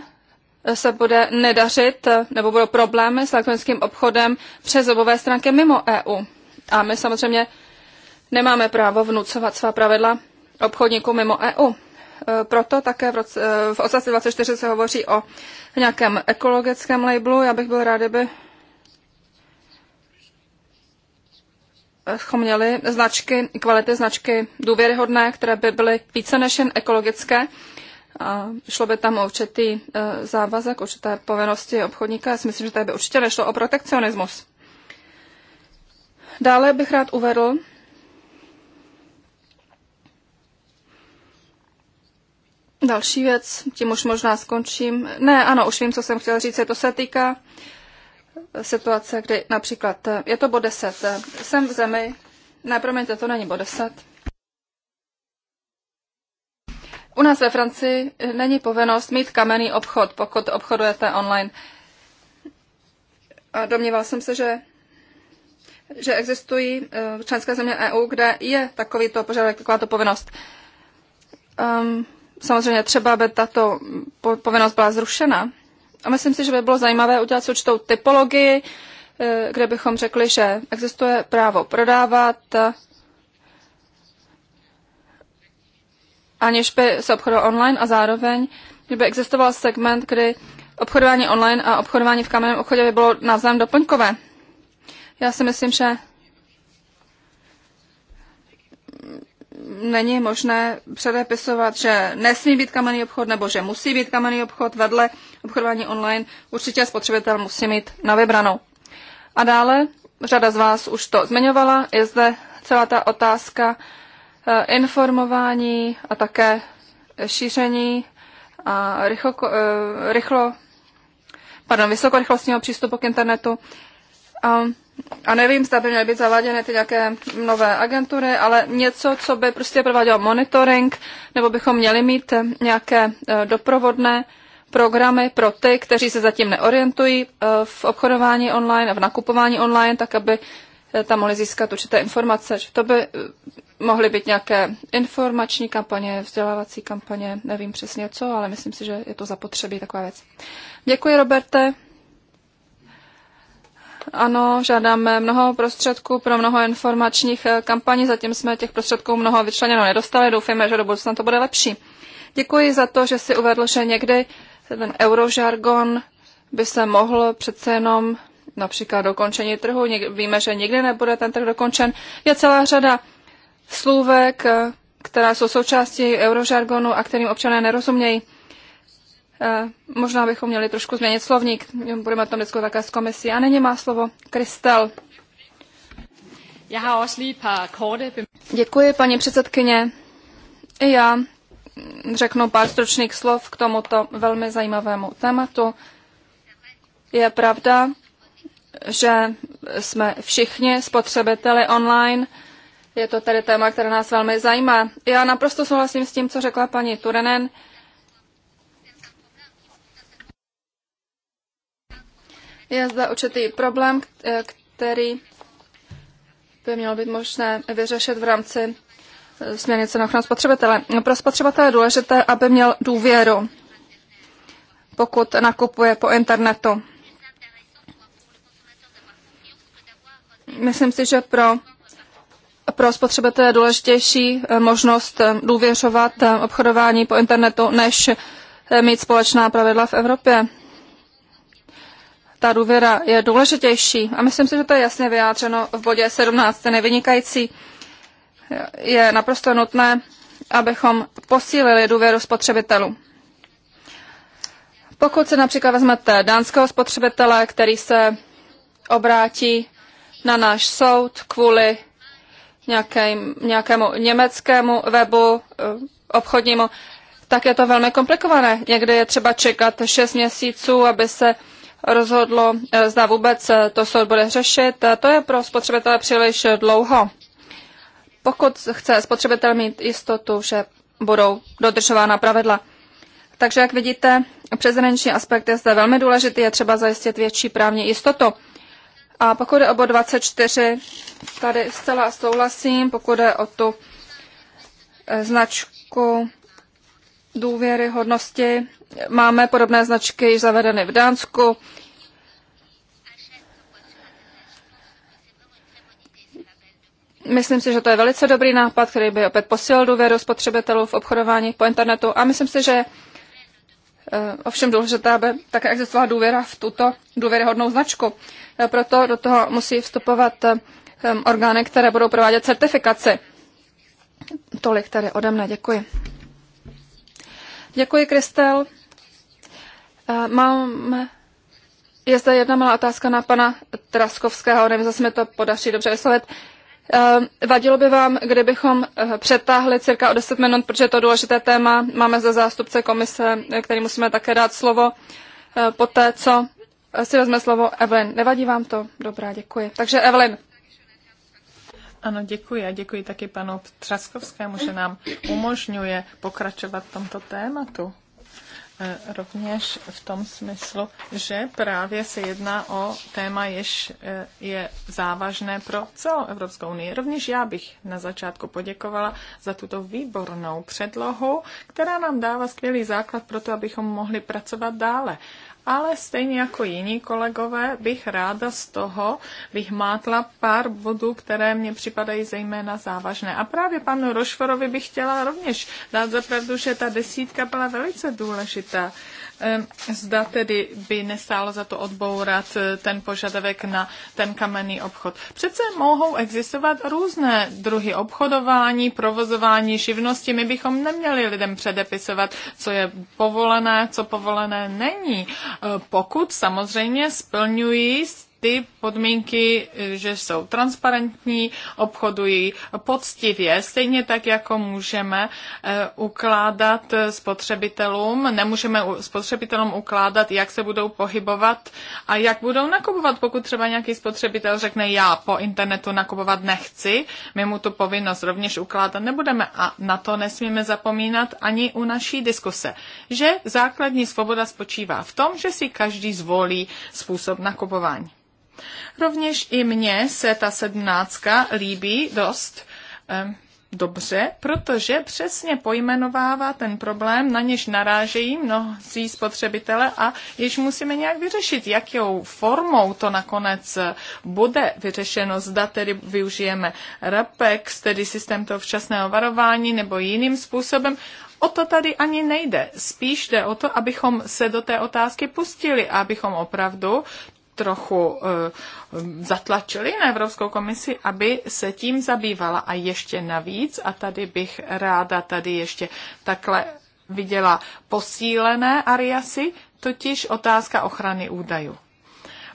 se bude nedařit eh, nebo budou problémy s elektronickým obchodem přes webové stránky mimo EU. A my samozřejmě nemáme právo vnucovat svá pravidla obchodníků mimo EU. Eh, proto také v, roce, eh, v odstavci 24 se hovoří o nějakém ekologickém labelu. Já bych byl rád, kdyby měli značky, kvality značky důvěryhodné, které by byly více než jen ekologické a šlo by tam o určitý e, závazek, určité povinnosti obchodníka. Já si myslím, že tady by určitě nešlo o protekcionismus. Dále bych rád uvedl, Další věc, tím už možná skončím. Ne, ano, už vím, co jsem chtěla říct. To se týká situace, kdy například, e, je to bod 10. E, jsem v zemi, ne, promiňte, to není bod 10. U nás ve Francii e, není povinnost mít kamenný obchod, pokud obchodujete online. A domníval jsem se, že že existují e, členské země EU, kde je takovýto požadavek, takováto povinnost. Um, samozřejmě třeba by tato povinnost byla zrušena. A myslím si, že by bylo zajímavé udělat určitou typologii, e, kde bychom řekli, že existuje právo prodávat, aniž by se obchodoval online a zároveň, kdyby existoval segment, kdy obchodování online a obchodování v kamenném obchodě by bylo navzájem doplňkové. Já si myslím, že není možné předepisovat, že nesmí být kamenný obchod nebo že musí být kamenný obchod vedle obchodování online. Určitě spotřebitel musí mít na vybranou. A dále, řada z vás už to zmiňovala, je zde celá ta otázka Eh, informování a také šíření a rychlo, eh, rychlo pardon, vysokorychlostního přístupu k internetu. A, ehm, a nevím, zda by měly být zaváděny ty nějaké nové agentury, ale něco, co by prostě prováděl monitoring, nebo bychom měli mít eh, nějaké doprovodné programy pro ty, kteří se zatím neorientují v obchodování online a v nakupování online, tak aby Eh, tam mohli získat určité informace. Že to by eh, mohly být nějaké informační kampaně, vzdělávací kampaně, nevím přesně co, ale myslím si, že je to zapotřebí taková věc. Děkuji, Roberte. Ano, žádáme mnoho prostředků pro mnoho informačních eh, kampaní, zatím jsme těch prostředků mnoho vyčleněno nedostali, doufáme, že do budoucna to bude lepší. Děkuji za to, že si uvedl, že někdy ten eurožargon by se mohl přece jenom například dokončení trhu, víme, že nikdy nebude ten trh dokončen. Je celá řada slůvek, eh, která jsou součástí eurožargonu a kterým občané nerozumějí. Eh, možná bychom měli trošku změnit slovník. Budeme o tom diskutovat také s komisí. A není má slovo Kristel. Děkuji, paní předsedkyně. I já řeknu pár stručných slov k tomuto velmi zajímavému tématu. Je pravda, že jsme všichni spotřebiteli online. Je to tedy téma, které nás velmi zajímá. Já naprosto souhlasím s tím, co řekla paní Turenen. Je zde určitý problém, který by mělo být možné vyřešit v rámci směrnice na ochranu spotřebitele. Pro spotřebitele je důležité, aby měl důvěru, pokud nakupuje po internetu. Myslím si, že pro pro spotřebitele je důležitější eh, možnost eh, důvěřovat eh, obchodování po internetu, než mít společná pravidla v Evropě. Ta důvěra je důležitější a myslím si, že to je jasně vyjádřeno v bodě 17. Ten je vynikající. Je naprosto nutné, abychom posílili důvěru spotřebitelů. Pokud se například vezmete dánského spotřebitele, který se obrátí na náš soud kvůli nějakém, nějakému německému webu eh, obchodnímu, tak je to velmi komplikované. Někdy je třeba čekat 6 měsíců, aby se rozhodlo, eh, zda vůbec eh, to soud bude řešit. To je pro spotřebitele příliš dlouho. Pokud chce spotřebitel mít jistotu, že budou dodržována pravidla. Takže, jak vidíte, přezranční aspekt je zde velmi důležitý, je třeba zajistit větší právní jistotu. A pokud jde o bod 24, tady zcela souhlasím, pokud jde o tu eh, značku důvěry hodnosti Máme podobné značky již zavedeny v Dánsku. Myslím si, že to je velice dobrý nápad, který by opět posílil důvěru spotřebitelů v obchodování po internetu a myslím si, že Eh, ovšem důležité, aby také existovala důvěra v tuto důvěryhodnou značku. Eh, proto do toho musí vstupovat eh, orgány, které budou provádět certifikaci. Tolik tady ode mne, děkuji. Děkuji, Kristel. Mám, je zde jedna malá otázka na pana Traskovského, nevím, zase mi to podaří dobře vyslovit. Ehm, vadilo by vám, kdybychom eh, přetáhli cirka o 10 minut, protože je to důležité téma. Máme zde zástupce komise, eh, který musíme také dát slovo eh, poté, co si vezme slovo Evelyn. Nevadí vám to? Dobrá, děkuji. Takže Evelyn. Ano, děkuji a děkuji taky panu Třaskovskému, že nám umožňuje pokračovat v tomto tématu. E, rovněž v tom smyslu, že právě se jedná o téma, jež e, je závažné pro celou Evropskou unii. Rovněž já bych na začátku poděkovala za tuto výbornou předlohu, která nám dává skvělý základ pro to, abychom mohli pracovat dále ale stejně jako jiní kolegové bych ráda z toho vyhmátla pár bodů, které mně připadají zejména závažné. A právě panu Rošforovi bych chtěla rovněž dát zapravdu, že ta desítka byla velice důležitá. Eh, zda tedy by nestálo za to odbourat eh, ten požadavek na ten kamenný obchod. Přece mohou existovat různé druhy obchodování, provozování živnosti. My bychom neměli lidem předepisovat, co je povolené, co povolené není. Eh, pokud samozřejmě splňují ty podmínky, že jsou transparentní, obchodují poctivě, stejně tak, jako můžeme eh, ukládat spotřebitelům, nemůžeme spotřebitelům ukládat, jak se budou pohybovat a jak budou nakupovat. Pokud třeba nějaký spotřebitel řekne, já po internetu nakupovat nechci, my mu tu povinnost rovněž ukládat nebudeme a na to nesmíme zapomínat ani u naší diskuse, že základní svoboda spočívá v tom, že si každý zvolí způsob nakupování. Rovněž i mně se ta sedmnáctka líbí dost eh, dobře, protože přesně pojmenovává ten problém, na něž narážejí mnozí spotřebitele a již musíme nějak vyřešit, jakou formou to nakonec eh, bude vyřešeno, zda tedy využijeme RAPEX, tedy systém toho včasného varování nebo jiným způsobem. O to tady ani nejde. Spíš jde o to, abychom se do té otázky pustili, abychom opravdu trochu eh, zatlačili na Evropskou komisi, aby se tím zabývala a ještě navíc, a tady bych ráda tady ještě takhle viděla posílené Ariasy, totiž otázka ochrany údajů.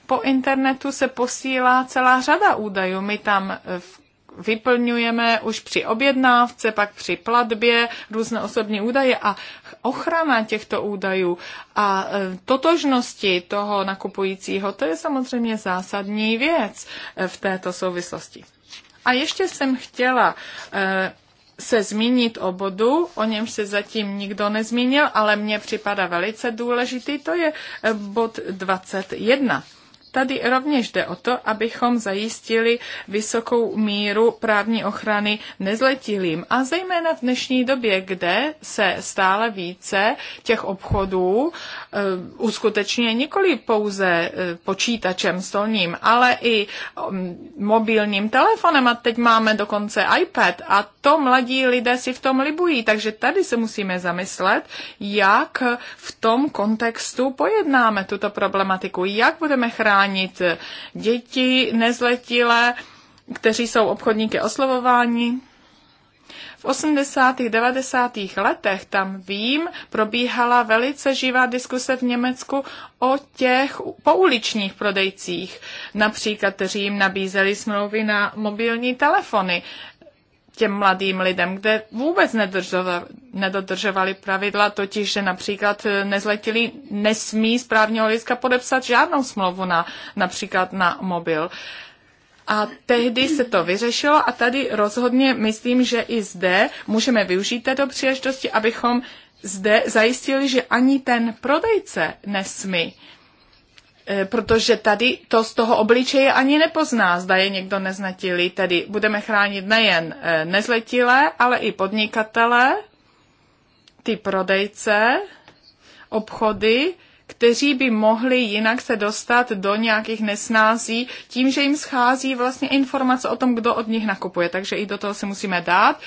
Po internetu se posílá celá řada údajů. My tam eh, v vyplňujeme už při objednávce, pak při platbě různé osobní údaje a ochrana těchto údajů a e, totožnosti toho nakupujícího, to je samozřejmě zásadní věc e, v této souvislosti. A ještě jsem chtěla e, se zmínit o bodu, o němž se zatím nikdo nezmínil, ale mně připadá velice důležitý, to je bod 21. Tady rovněž jde o to, abychom zajistili vysokou míru právní ochrany nezletilým. A zejména v dnešní době, kde se stále více těch obchodů e, eh, uskutečňuje nikoli pouze eh, počítačem stolním, ale i mm, mobilním telefonem. A teď máme dokonce iPad a to mladí lidé si v tom libují. Takže tady se musíme zamyslet, jak v tom kontextu pojednáme tuto problematiku, jak budeme chránit chránit děti nezletilé, kteří jsou obchodníky oslovováni. V 80. 90. letech tam vím, probíhala velice živá diskuse v Německu o těch pouličních prodejcích, například, kteří jim nabízeli smlouvy na mobilní telefony těm mladým lidem, kde vůbec nedodržovali pravidla, totiž, že například eh, nezletili, nesmí z právního hlediska podepsat žádnou smlouvu na, například na mobil. A tehdy se to vyřešilo a tady rozhodně myslím, že i zde můžeme využít této příležitosti, abychom zde zajistili, že ani ten prodejce nesmí Eh, protože tady to z toho obličeje ani nepozná, zda je někdo neznatilý, Tedy budeme chránit nejen eh, nezletilé, ale i podnikatele, ty prodejce, obchody, kteří by mohli jinak se dostat do nějakých nesnází tím, že jim schází vlastně informace o tom, kdo od nich nakupuje. Takže i do toho se musíme dát.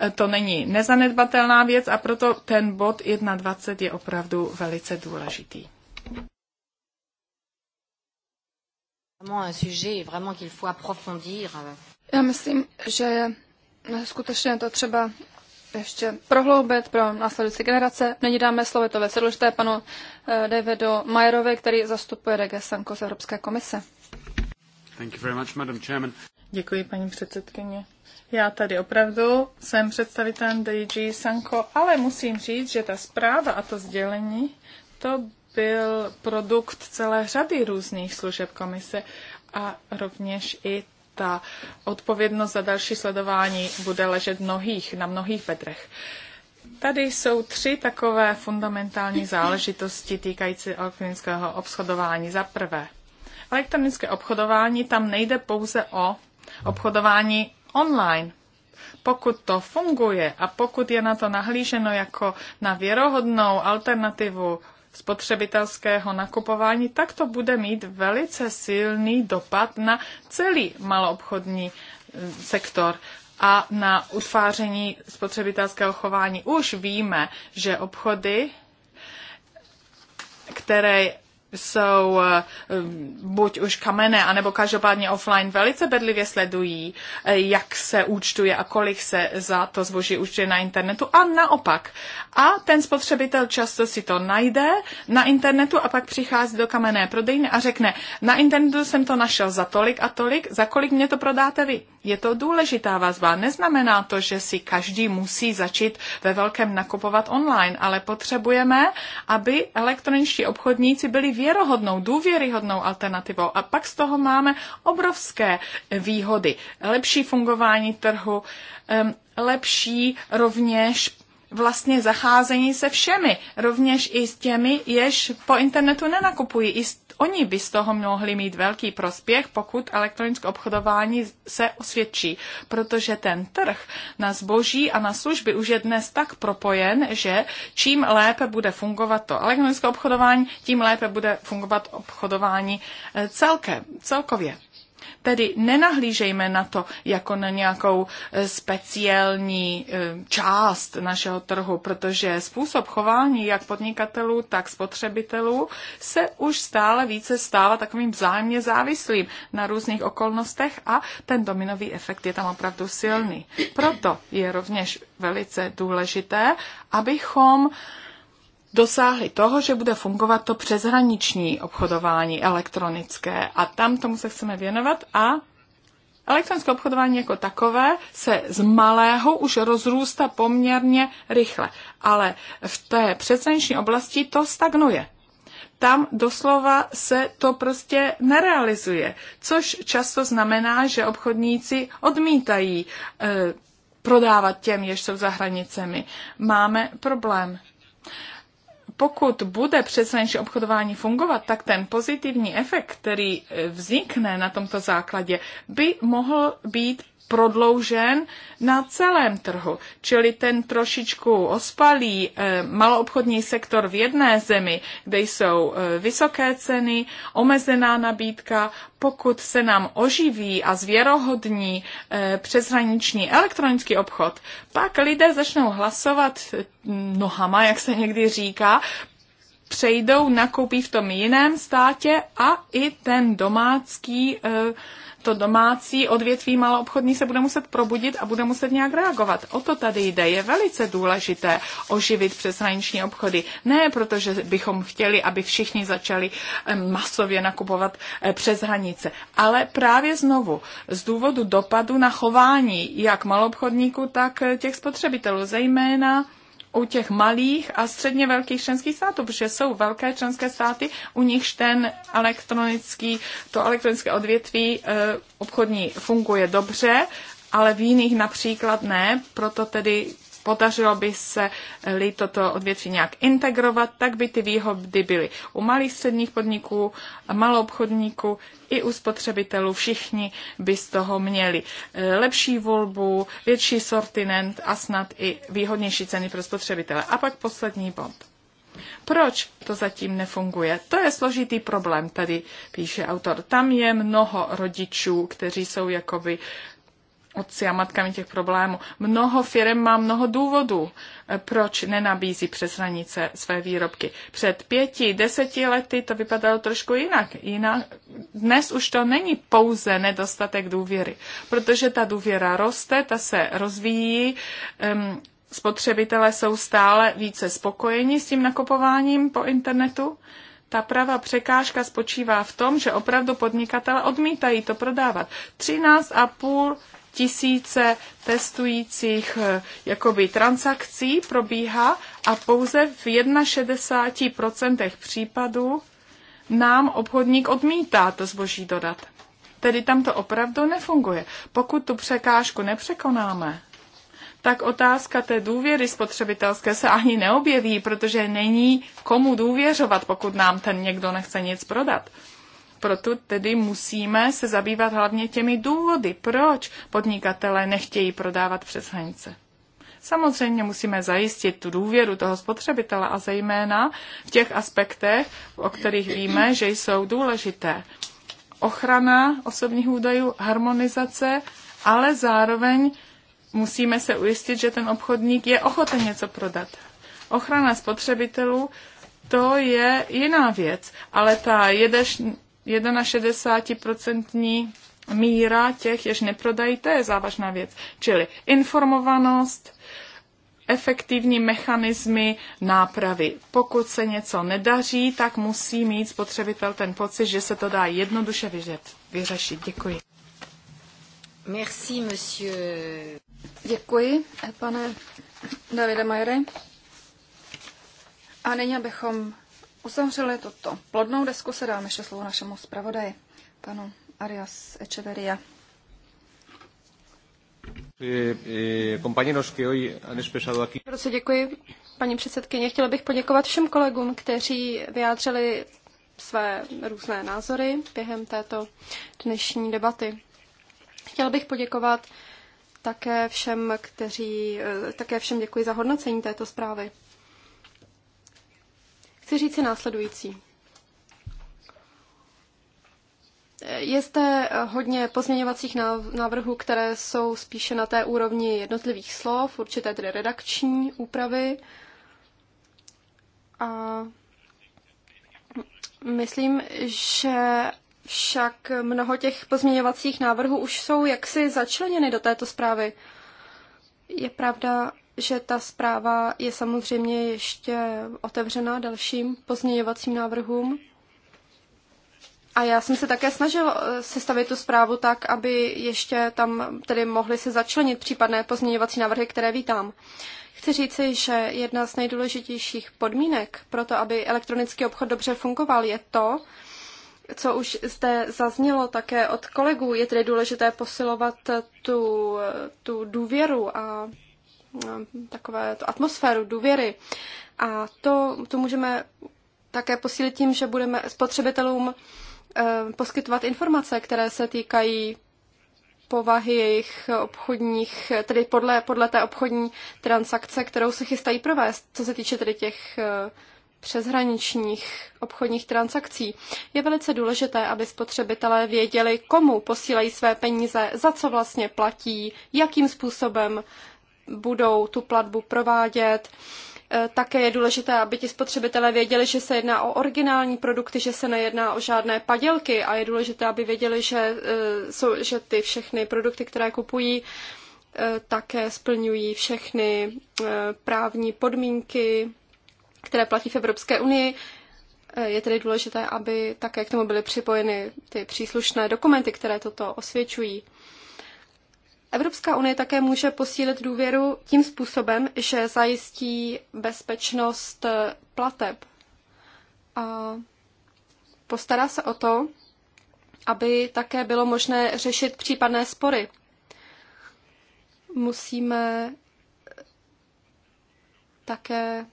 Eh, to není nezanedbatelná věc a proto ten bod 1.20 je opravdu velice důležitý. Já myslím, že je skutečně to třeba ještě prohloubit pro následující generace. Nyní dáme slovo, to věc důležité, panu eh, Davidu Majerovi, který zastupuje Regesanko z Evropské komise. Thank you very much, Madam Chairman. Děkuji, paní předsedkyně. Já tady opravdu jsem představitelem DG Sanko, ale musím říct, že ta zpráva a to sdělení, to byl produkt celé řady různých služeb komise a rovněž i ta odpovědnost za další sledování bude ležet mnohých, na mnohých bedrech. Tady jsou tři takové fundamentální záležitosti týkající elektronického obchodování. Za prvé, elektronické obchodování tam nejde pouze o obchodování online. Pokud to funguje a pokud je na to nahlíženo jako na věrohodnou alternativu spotřebitelského nakupování, tak to bude mít velice silný dopad na celý maloobchodní e, sektor a na utváření spotřebitelského chování. Už víme, že obchody, které jsou eh, buď už kamenné, anebo každopádně offline velice bedlivě sledují, eh, jak se účtuje a kolik se za to zboží účtuje na internetu a naopak. A ten spotřebitel často si to najde na internetu a pak přichází do kamenné prodejny a řekne, na internetu jsem to našel za tolik a tolik, za kolik mě to prodáte vy. Je to důležitá vazba. Neznamená to, že si každý musí začít ve velkém nakupovat online, ale potřebujeme, aby elektroničtí obchodníci byli větší věrohodnou, důvěryhodnou alternativou. A pak z toho máme obrovské výhody. Lepší fungování trhu, lepší rovněž vlastně zacházení se všemi, rovněž i s těmi, jež po internetu nenakupují. I oni by z toho mohli mít velký prospěch, pokud elektronické obchodování se osvědčí, protože ten trh na zboží a na služby už je dnes tak propojen, že čím lépe bude fungovat to elektronické obchodování, tím lépe bude fungovat obchodování eh, celkem, celkově. Tedy nenahlížejme na to jako na nějakou e, speciální e, část našeho trhu, protože způsob chování jak podnikatelů, tak spotřebitelů se už stále více stává takovým vzájemně závislým na různých okolnostech a ten dominový efekt je tam opravdu silný. Proto je rovněž velice důležité, abychom dosáhli toho, že bude fungovat to přeshraniční obchodování elektronické a tam tomu se chceme věnovat a Elektronické obchodování jako takové se z malého už rozrůstá poměrně rychle, ale v té přeshraniční oblasti to stagnuje. Tam doslova se to prostě nerealizuje, což často znamená, že obchodníci odmítají e, prodávat těm, jež jsou za hranicemi. Máme problém pokud bude přeshraniční obchodování fungovat, tak ten pozitivní efekt, který eh, vznikne na tomto základě, by mohl být prodloužen na celém trhu. Čili ten trošičku ospalý eh, maloobchodní sektor v jedné zemi, kde jsou eh, vysoké ceny, omezená nabídka, pokud se nám oživí a zvěrohodní eh, přeshraniční elektronický obchod, pak lidé začnou hlasovat nohama, jak se někdy říká, přejdou, nakoupí v tom jiném státě a i ten domácký, eh, to domácí odvětví maloobchodní se bude muset probudit a bude muset nějak reagovat. O to tady jde. Je velice důležité oživit přeshraniční obchody. Ne proto, že bychom chtěli, aby všichni začali eh, masově nakupovat eh, přes hranice, ale právě znovu z důvodu dopadu na chování jak maloobchodníků, tak těch spotřebitelů, zejména u těch malých a středně velkých členských států, protože jsou velké členské státy, u nichž ten elektronický, to elektronické odvětví eh, obchodní funguje dobře, ale v jiných například ne, proto tedy podařilo by se li eh, toto odvětví nějak integrovat, tak by ty výhody byly u malých středních podniků, malou obchodníků i u spotřebitelů. Všichni by z toho měli eh, lepší volbu, větší sortiment a snad i výhodnější ceny pro spotřebitele. A pak poslední bod. Proč to zatím nefunguje? To je složitý problém, tady píše autor. Tam je mnoho rodičů, kteří jsou jakoby otci a matkami těch problémů. Mnoho firm má mnoho důvodů, eh, proč nenabízí přes hranice své výrobky. Před pěti, deseti lety to vypadalo trošku jinak. jinak. Dnes už to není pouze nedostatek důvěry, protože ta důvěra roste, ta se rozvíjí, um, spotřebitelé jsou stále více spokojeni s tím nakupováním po internetu. Ta pravá překážka spočívá v tom, že opravdu podnikatele odmítají to prodávat. 13,5 tisíce testujících eh, jakoby transakcí probíhá a pouze v 61% případů nám obchodník odmítá to zboží dodat. Tedy tam to opravdu nefunguje. Pokud tu překážku nepřekonáme, tak otázka té důvěry spotřebitelské se ani neobjeví, protože není komu důvěřovat, pokud nám ten někdo nechce nic prodat proto tedy musíme se zabývat hlavně těmi důvody, proč podnikatelé nechtějí prodávat přes hranice. Samozřejmě musíme zajistit tu důvěru toho spotřebitele a zejména v těch aspektech, o kterých víme, že jsou důležité. Ochrana osobních údajů, harmonizace, ale zároveň musíme se ujistit, že ten obchodník je ochoten něco prodat. Ochrana spotřebitelů to je jiná věc, ale ta jedeš, 61% míra těch, jež neprodají, to je závažná věc. Čili informovanost, efektivní mechanismy nápravy. Pokud se něco nedaří, tak musí mít spotřebitel ten pocit, že se to dá jednoduše vyřet, vyřešit. Děkuji. Merci, monsieur. Děkuji, pane Davide Majere. A nyní, abychom uzavřeli toto plodnou desku, se dáme ještě slovo našemu zpravodaji, panu Arias Echeveria. Eh, eh, Proto děkuji, paní předsedkyně. Chtěla bych poděkovat všem kolegům, kteří vyjádřili své různé názory během této dnešní debaty. Chtěla bych poděkovat také všem, kteří, eh, také všem děkuji za hodnocení této zprávy. Chci říct si následující. Je zde hodně pozměňovacích návrhů, které jsou spíše na té úrovni jednotlivých slov, určité tedy redakční úpravy. A myslím, že však mnoho těch pozměňovacích návrhů už jsou jaksi začleněny do této zprávy. Je pravda, že ta zpráva je samozřejmě ještě otevřená dalším pozměňovacím návrhům. A já jsem se také snažil eh, sestavit tu zprávu tak, aby ještě tam tedy mohly se začlenit případné pozměňovací návrhy, které vítám. Chci říci, že jedna z nejdůležitějších podmínek pro to, aby elektronický obchod dobře fungoval, je to, co už zde zaznělo také od kolegů, je tedy důležité posilovat tu, tu důvěru a Eh, takové to atmosféru důvěry. A to, to můžeme také posílit tím, že budeme spotřebitelům eh, poskytovat informace, které se týkají povahy jejich obchodních, tedy podle, podle té obchodní transakce, kterou se chystají provést, co se týče tedy těch eh, přeshraničních obchodních transakcí. Je velice důležité, aby spotřebitelé věděli, komu posílají své peníze, za co vlastně platí, jakým způsobem budou tu platbu provádět. E, také je důležité, aby ti spotřebitelé věděli, že se jedná o originální produkty, že se nejedná o žádné padělky a je důležité, aby věděli, že, e, jsou, že ty všechny produkty, které kupují, e, také splňují všechny právní podmínky, které platí v Evropské unii. Je tedy důležité, aby také k tomu byly připojeny ty příslušné dokumenty, které toto osvědčují. Evropská unie také může posílit důvěru tím způsobem, že zajistí bezpečnost eh, plateb a postará se o to, aby také bylo možné řešit případné spory. Musíme také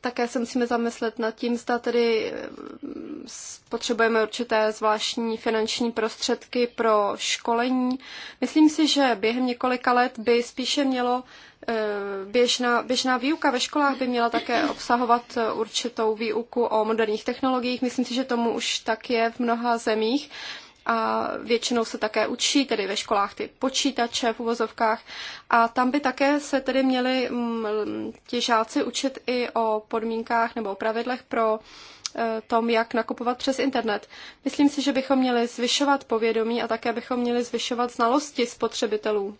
také se musíme zamyslet nad tím, zda tedy eh, potřebujeme určité zvláštní finanční prostředky pro školení. Myslím si, že během několika let by spíše mělo eh, běžná, běžná výuka ve školách by měla také obsahovat eh, určitou výuku o moderních technologiích. Myslím si, že tomu už tak je v mnoha zemích a většinou se také učí, tedy ve školách ty počítače v uvozovkách. A tam by také se tedy měli mm, mm, ti žáci učit i o podmínkách nebo o pravidlech pro e, tom, jak nakupovat přes internet. Myslím si, že bychom měli zvyšovat povědomí a také bychom měli zvyšovat znalosti spotřebitelů.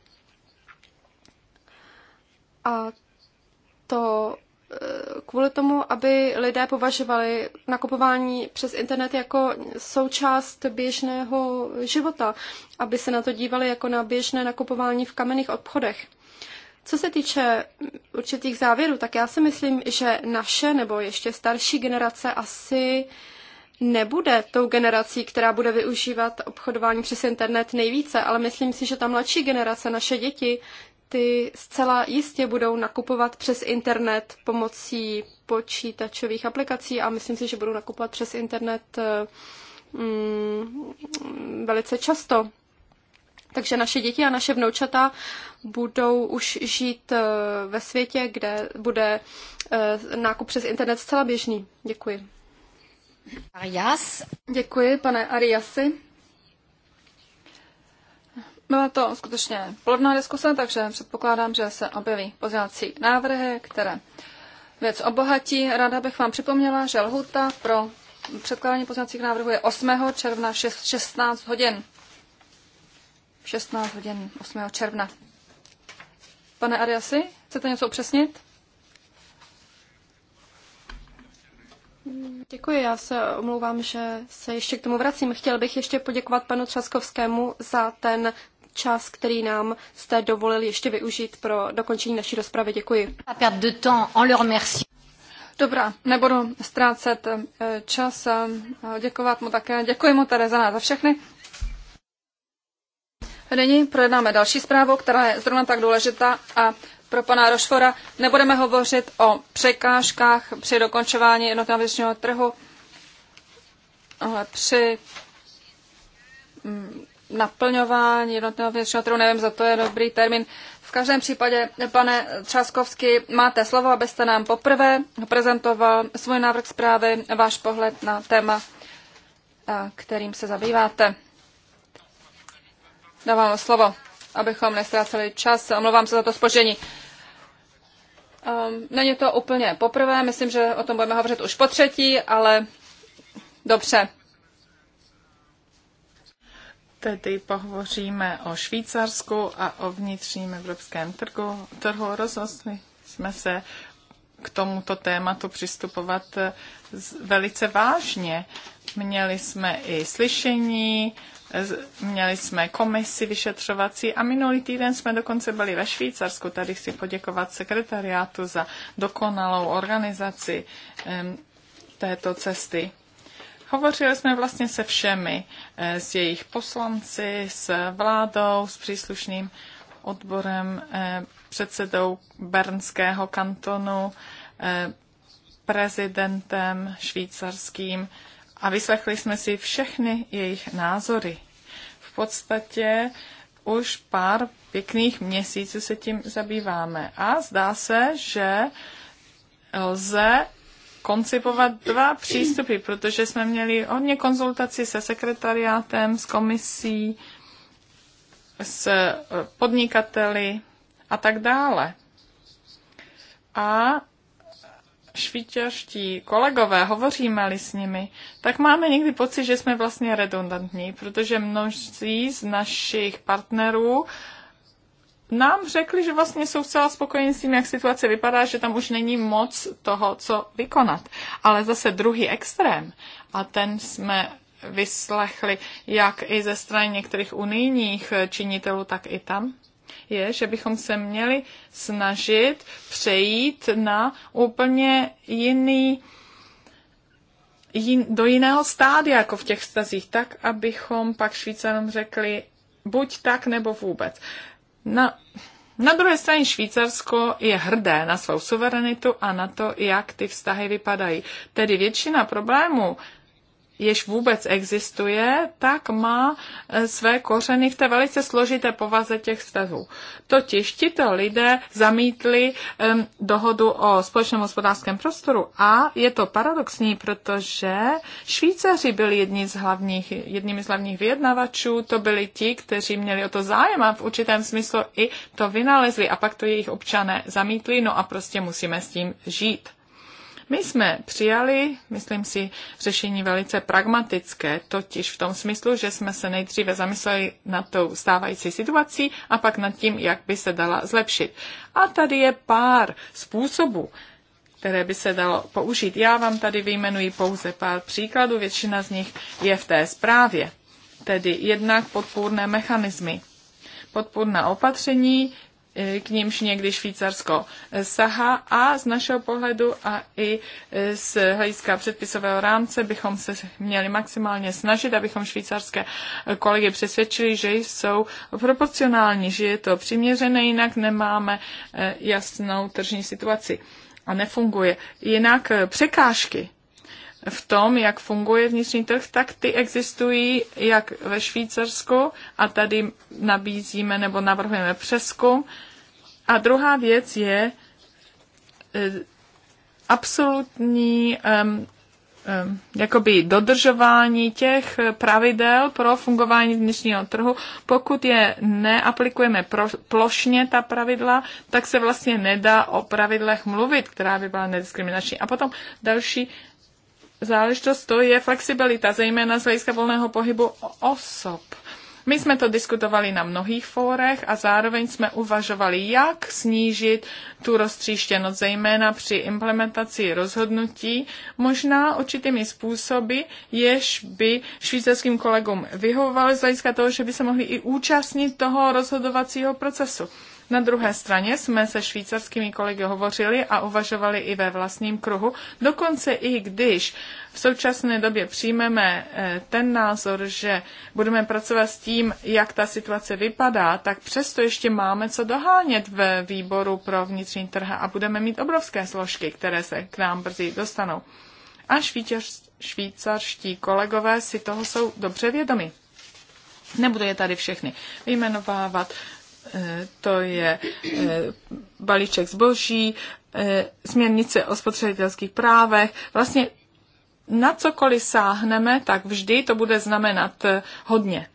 A to Eh, kvůli tomu, aby lidé považovali nakupování přes internet jako součást běžného života, aby se na to dívali jako na běžné nakupování v kamenných obchodech. Co se týče určitých závěrů, tak já si myslím, že naše nebo ještě starší generace asi nebude tou generací, která bude využívat obchodování přes internet nejvíce, ale myslím si, že ta mladší generace, naše děti, ty zcela jistě budou nakupovat přes internet pomocí počítačových aplikací a myslím si, že budou nakupovat přes internet eh, mm, velice často. Takže naše děti a naše vnoučata budou už žít eh, ve světě, kde bude eh, nákup přes internet zcela běžný. Děkuji. Arias. Děkuji, pane Ariasi. Byla to skutečně plodná diskuse, takže předpokládám, že se objeví pozdělací návrhy, které věc obohatí. Ráda bych vám připomněla, že lhuta pro předkládání pozdělacích návrhů je 8. června 6, 16 hodin. 16 hodin 8. června. Pane Ariasi, chcete něco upřesnit? Děkuji, já se omlouvám, že se ještě k tomu vracím. Chtěl bych ještě poděkovat panu Třaskovskému za ten čas, který nám jste dovolili ještě využít pro dokončení naší rozpravy. Děkuji. Dobrá, nebudu ztrácet eh, čas. Děkovat mu také. Děkuji mu, Tereza, za všechny. Nyní projednáme další zprávu, která je zrovna tak důležitá a pro pana Rošfora nebudeme hovořit o překážkách při dokončování jednotného trhu, ale při mm, naplňování jednotného vnitřního trhu, nevím, za to je dobrý termín. V každém případě, pane Třaskovský, máte slovo, abyste nám poprvé prezentoval svůj návrh zprávy, váš pohled na téma, eh, kterým se zabýváte. Dávám slovo, abychom nestráceli čas. Omlouvám se za to spožení. Um, eh, není to úplně poprvé, myslím, že o tom budeme hovořit už po třetí, ale dobře. Tedy pohovoříme o Švýcarsku a o vnitřním evropském trhu. trhu. Rozhodli jsme se k tomuto tématu přistupovat eh, velice vážně. Měli jsme i slyšení, eh, měli jsme komisi vyšetřovací a minulý týden jsme dokonce byli ve Švýcarsku. Tady chci poděkovat sekretariátu za dokonalou organizaci této cesty. Hovořili jsme vlastně se všemi, eh, s jejich poslanci, s vládou, s příslušným odborem, eh, předsedou Bernského kantonu, eh, prezidentem švýcarským a vyslechli jsme si všechny jejich názory. V podstatě už pár pěkných měsíců se tím zabýváme a zdá se, že lze koncipovat dva přístupy, protože jsme měli hodně konzultaci se sekretariátem, s komisí, s eh, podnikateli a tak dále. A švýcarští kolegové, hovoříme-li s nimi, tak máme někdy pocit, že jsme vlastně redundantní, protože množství z našich partnerů uh, nám řekli, že vlastně jsou zcela spokojeni s tím, jak situace vypadá, že tam už není moc toho, co vykonat. Ale zase druhý extrém, a ten jsme vyslechli jak i ze strany některých unijních činitelů, tak i tam, je, že bychom se měli snažit přejít na úplně jiný jin, do jiného stádia, jako v těch vztazích, tak, abychom pak Švýcarům řekli buď tak, nebo vůbec. Na, na druhé straně Švýcarsko je hrdé na svou suverenitu a na to, jak ty vztahy vypadají. Tedy většina problémů, jež vůbec existuje, tak má eh, své kořeny v té velice složité povaze těch vztahů. Totiž tito lidé zamítli um, dohodu o společném hospodářském prostoru a je to paradoxní, protože Švýcaři byli jedni z hlavních, jedními z hlavních vyjednavačů, to byli ti, kteří měli o to zájem a v určitém smyslu i to vynalezli a pak to jejich občané zamítli, no a prostě musíme s tím žít. My jsme přijali, myslím si, řešení velice pragmatické, totiž v tom smyslu, že jsme se nejdříve zamysleli nad tou stávající situací a pak nad tím, jak by se dala zlepšit. A tady je pár způsobů, které by se dalo použít. Já vám tady vyjmenuji pouze pár příkladů, většina z nich je v té zprávě. Tedy jednak podpůrné mechanismy, podpůrná opatření, E, k nímž někdy Švýcarsko sahá a z našeho pohledu a i e, z hlediska předpisového rámce bychom se měli maximálně snažit, abychom švýcarské kolegy přesvědčili, že jsou proporcionální, že je to přiměřené, jinak nemáme e, jasnou tržní situaci a nefunguje. Jinak překážky v tom, jak funguje vnitřní trh, tak ty existují jak ve Švýcarsku a tady nabízíme nebo navrhujeme přeskum a druhá věc je eh, absolutní um, um, jakoby dodržování těch eh, pravidel pro fungování dnešního trhu. Pokud je neaplikujeme pro, plošně ta pravidla, tak se vlastně nedá o pravidlech mluvit, která by byla nediskriminační. A potom další záležitost to je flexibilita, zejména z hlediska volného pohybu osob. My jsme to diskutovali na mnohých fórech a zároveň jsme uvažovali, jak snížit tu roztříštěnost, zejména při implementaci rozhodnutí, možná určitými způsoby, jež by švýcarským kolegům vyhovovaly z hlediska toho, že by se mohli i účastnit toho rozhodovacího procesu. Na druhé straně jsme se švýcarskými kolegy hovořili a uvažovali i ve vlastním kruhu. Dokonce i když v současné době přijmeme eh, ten názor, že budeme pracovat s tím, jak ta situace vypadá, tak přesto ještě máme co dohánět ve výboru pro vnitřní trh a budeme mít obrovské složky, které se k nám brzy dostanou. A švýcarští kolegové si toho jsou dobře vědomi. Nebudu je tady všechny vyjmenovávat. Eh, to je eh, balíček zboží, eh, směrnice o spotřebitelských právech. Vlastně na cokoliv sáhneme, tak vždy to bude znamenat hodně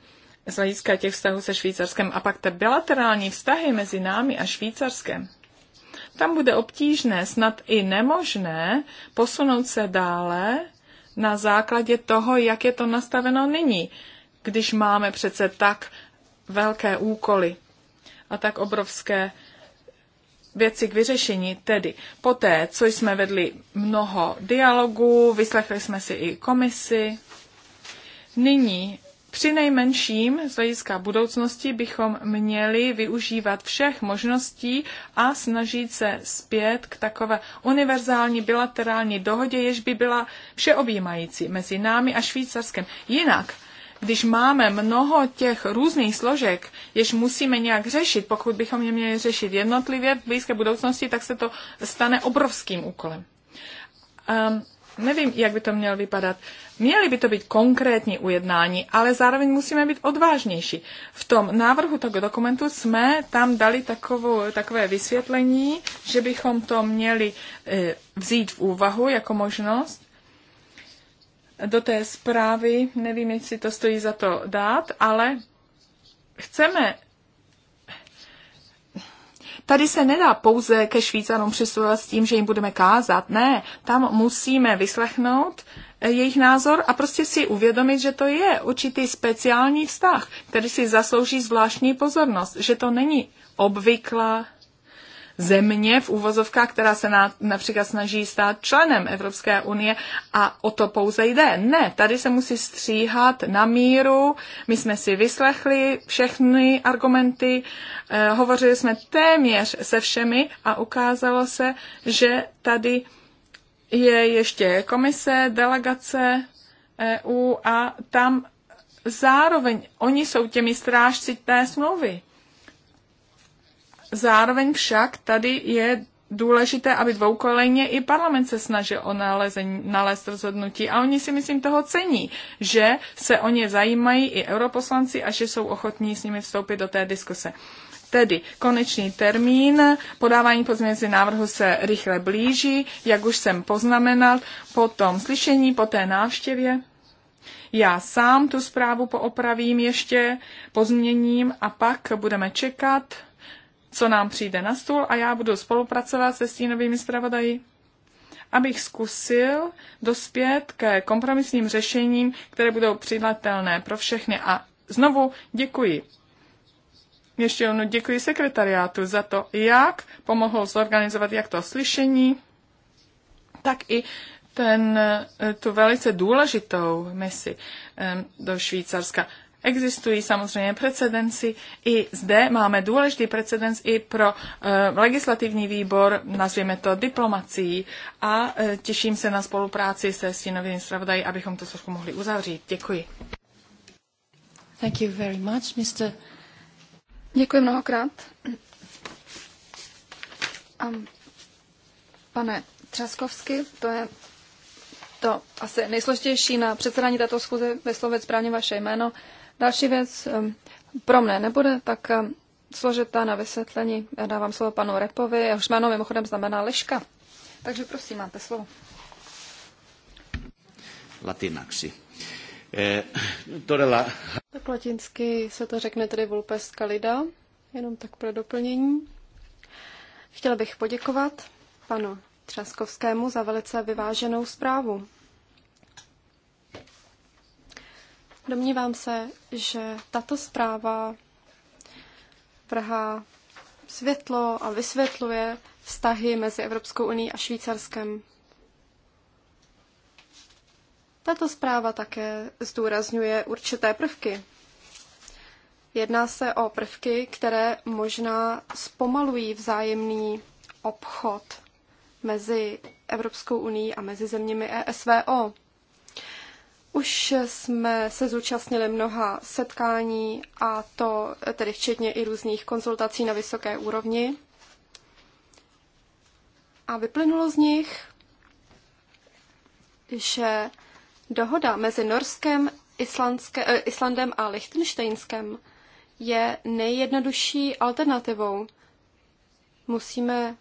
z hlediska těch vztahů se Švýcarskem. A pak ty bilaterální vztahy mezi námi a Švýcarskem. Tam bude obtížné, snad i nemožné, posunout se dále na základě toho, jak je to nastaveno nyní, když máme přece tak velké úkoly a tak obrovské věci k vyřešení, tedy poté, co jsme vedli mnoho dialogů, vyslechli jsme si i komisy, nyní při nejmenším z hlediska budoucnosti bychom měli využívat všech možností a snažit se zpět k takové univerzální bilaterální dohodě, jež by byla všeobjímající mezi námi a Švýcarskem. Jinak když máme mnoho těch různých složek, jež musíme nějak řešit, pokud bychom je měli řešit jednotlivě v blízké budoucnosti, tak se to stane obrovským úkolem. Um, nevím, jak by to mělo vypadat. Měly by to být konkrétní ujednání, ale zároveň musíme být odvážnější. V tom návrhu toho dokumentu jsme tam dali takovou, takové vysvětlení, že bychom to měli e, vzít v úvahu jako možnost do té zprávy, nevím, jestli to stojí za to dát, ale chceme Tady se nedá pouze ke Švýcarům přistupovat s tím, že jim budeme kázat. Ne, tam musíme vyslechnout eh, jejich názor a prostě si uvědomit, že to je určitý speciální vztah, který si zaslouží zvláštní pozornost, že to není obvyklá země v úvozovkách, která se na, například snaží stát členem Evropské unie a o to pouze jde. Ne, tady se musí stříhat na míru. My jsme si vyslechli všechny argumenty, eh, hovořili jsme téměř se všemi a ukázalo se, že tady je ještě komise, delegace EU a tam zároveň oni jsou těmi strážci té smlouvy. Zároveň však tady je důležité, aby dvoukolejně i parlament se snažil o nalezení, nalézt rozhodnutí a oni si myslím toho cení, že se o ně zajímají i europoslanci a že jsou ochotní s nimi vstoupit do té diskuse. Tedy konečný termín podávání pozměňovacího návrhu se rychle blíží, jak už jsem poznamenal, po tom slyšení, po té návštěvě. Já sám tu zprávu poopravím ještě, pozměním a pak budeme čekat co nám přijde na stůl a já budu spolupracovat se stínovými zpravodaji, abych zkusil dospět ke kompromisním řešením, které budou přidatelné pro všechny. A znovu děkuji. Ještě jednou děkuji sekretariátu za to, jak pomohl zorganizovat jak to slyšení, tak i ten, tu velice důležitou misi do Švýcarska. Existují samozřejmě precedenci. I zde máme důležitý precedens i pro e, legislativní výbor, nazvěme to diplomací. A e, těším se na spolupráci se stínovým zpravodají, abychom to trošku mohli uzavřít. Děkuji. Thank you very much, Mr. Děkuji mnohokrát. Um, pane Třaskovsky, to je to asi nejsložitější na předsedání této schůze vyslovit správně vaše jméno. Další věc ehm, pro mne nebude tak ehm, složitá na vysvětlení. Já dávám slovo panu Repovi, jehož jméno mimochodem znamená liška. Takže prosím, máte slovo. Latinaksi. Eh, Tak latinsky se to řekne tedy vulpes calida, jenom tak pro doplnění. Chtěla bych poděkovat panu Třaskovskému za velice vyváženou zprávu. Domnívám se, že tato zpráva vrhá světlo a vysvětluje vztahy mezi Evropskou uní a Švýcarskem. Tato zpráva také zdůrazňuje určité prvky. Jedná se o prvky, které možná zpomalují vzájemný obchod mezi Evropskou uní a mezi zeměmi ESVO. Už jsme se zúčastnili mnoha setkání a to tedy včetně i různých konzultací na vysoké úrovni. A vyplynulo z nich, že dohoda mezi Norskem, Islandské, eh, Islandem a Lichtensteinskem je nejjednodušší alternativou. Musíme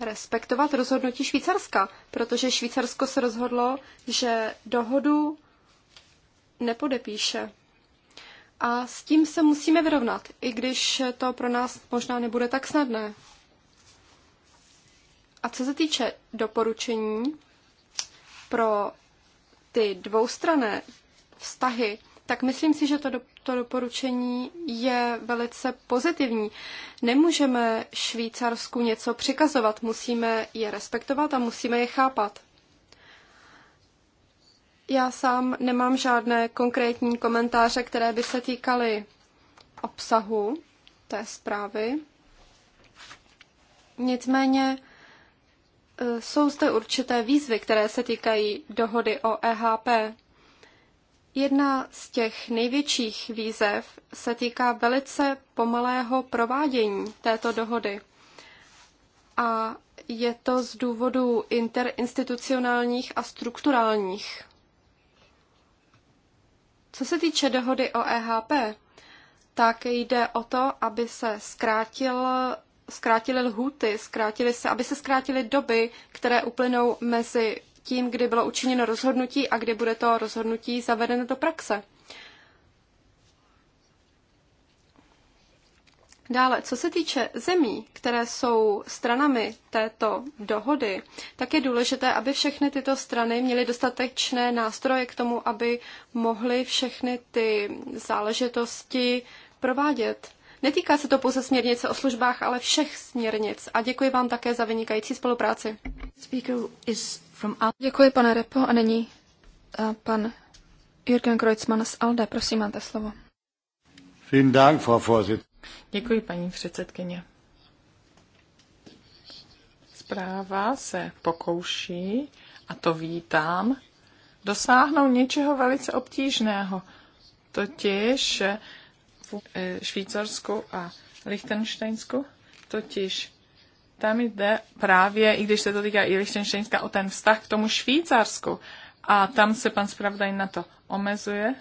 respektovat rozhodnutí Švýcarska, protože Švýcarsko se rozhodlo, že dohodu nepodepíše. A s tím se musíme vyrovnat, i když to pro nás možná nebude tak snadné. A co se týče doporučení pro ty dvoustrané vztahy tak myslím si, že to, do, to doporučení je velice pozitivní. Nemůžeme Švýcarsku něco přikazovat, musíme je respektovat a musíme je chápat. Já sám nemám žádné konkrétní komentáře, které by se týkaly obsahu té zprávy. Nicméně e, jsou zde určité výzvy, které se týkají dohody o EHP. Jedna z těch největších výzev se týká velice pomalého provádění této dohody. A je to z důvodu interinstitucionálních a strukturálních. Co se týče dohody o EHP, tak jde o to, aby se zkrátil, zkrátily lhuty, zkrátily se, aby se zkrátily doby, které uplynou mezi tím, kdy bylo učiněno rozhodnutí a kdy bude to rozhodnutí zavedeno do praxe. Dále, co se týče zemí, které jsou stranami této dohody, tak je důležité, aby všechny tyto strany měly dostatečné nástroje k tomu, aby mohly všechny ty záležitosti provádět. Netýká se to pouze směrnice o službách, ale všech směrnic. A děkuji vám také za vynikající spolupráci. Děkuji, pane Repo. A nyní a pan Jürgen Kreuzmann z ALDE. Prosím, máte slovo. Děkuji, paní předsedkyně. Zpráva se pokouší, a to vítám, dosáhnout něčeho velice obtížného, totiž v eh, Švýcarsku a Lichtensteinsku, totiž tam jde právě, i když se to týká i Lichtensteinska, o ten vztah k tomu Švýcarsku. A tam se pan zpravodaj na to omezuje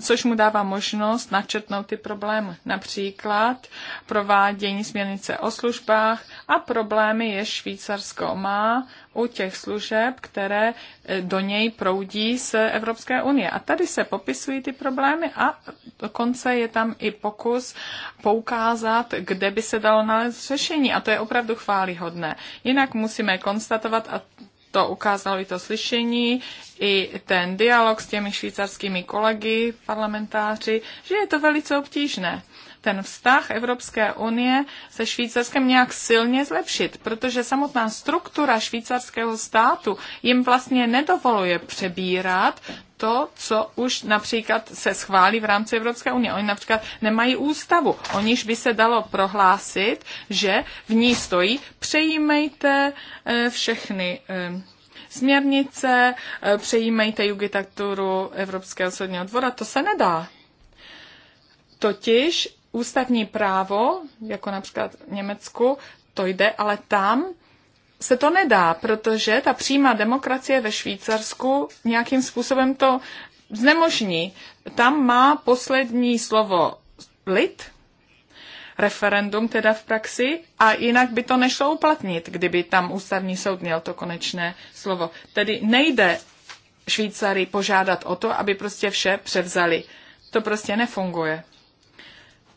což mu dává možnost načrtnout ty problémy. Například provádění směrnice o službách a problémy, jež Švýcarsko má u těch služeb, které e, do něj proudí z Evropské unie. A tady se popisují ty problémy a dokonce je tam i pokus poukázat, kde by se dalo nalézt řešení. A to je opravdu chválihodné. Jinak musíme konstatovat, a to ukázalo i to slyšení, i ten dialog s těmi švýcarskými kolegy, parlamentáři, že je to velice obtížné ten vztah Evropské unie se Švýcarskem nějak silně zlepšit, protože samotná struktura švýcarského státu jim vlastně nedovoluje přebírat to, co už například se schválí v rámci Evropské unie. Oni například nemají ústavu, o níž by se dalo prohlásit, že v ní stojí přejímejte eh, všechny eh, směrnice, eh, přejímejte judikaturu Evropského soudního dvora. To se nedá. Totiž ústavní právo, jako například v Německu, to jde, ale tam se to nedá, protože ta přímá demokracie ve Švýcarsku nějakým způsobem to znemožní. Tam má poslední slovo lid, referendum teda v praxi, a jinak by to nešlo uplatnit, kdyby tam ústavní soud měl to konečné slovo. Tedy nejde Švýcary požádat o to, aby prostě vše převzali. To prostě nefunguje.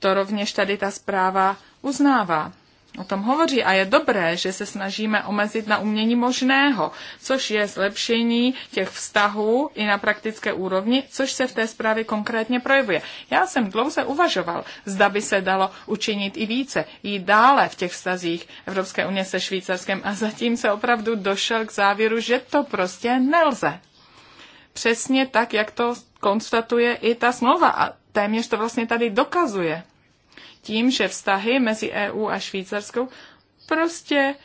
To rovněž tady ta zpráva uznává. O tom hovoří a je dobré, že se snažíme omezit na umění možného, což je zlepšení těch vztahů i na praktické úrovni, což se v té zprávě konkrétně projevuje. Já jsem dlouze uvažoval, zda by se dalo učinit i více, jít dále v těch vztazích Evropské unie se Švýcarskem a zatím se opravdu došel k závěru, že to prostě nelze. Přesně tak, jak to konstatuje i ta smlouva a téměř to vlastně tady dokazuje tím, že vztahy mezi EU a Švýcarskou prostě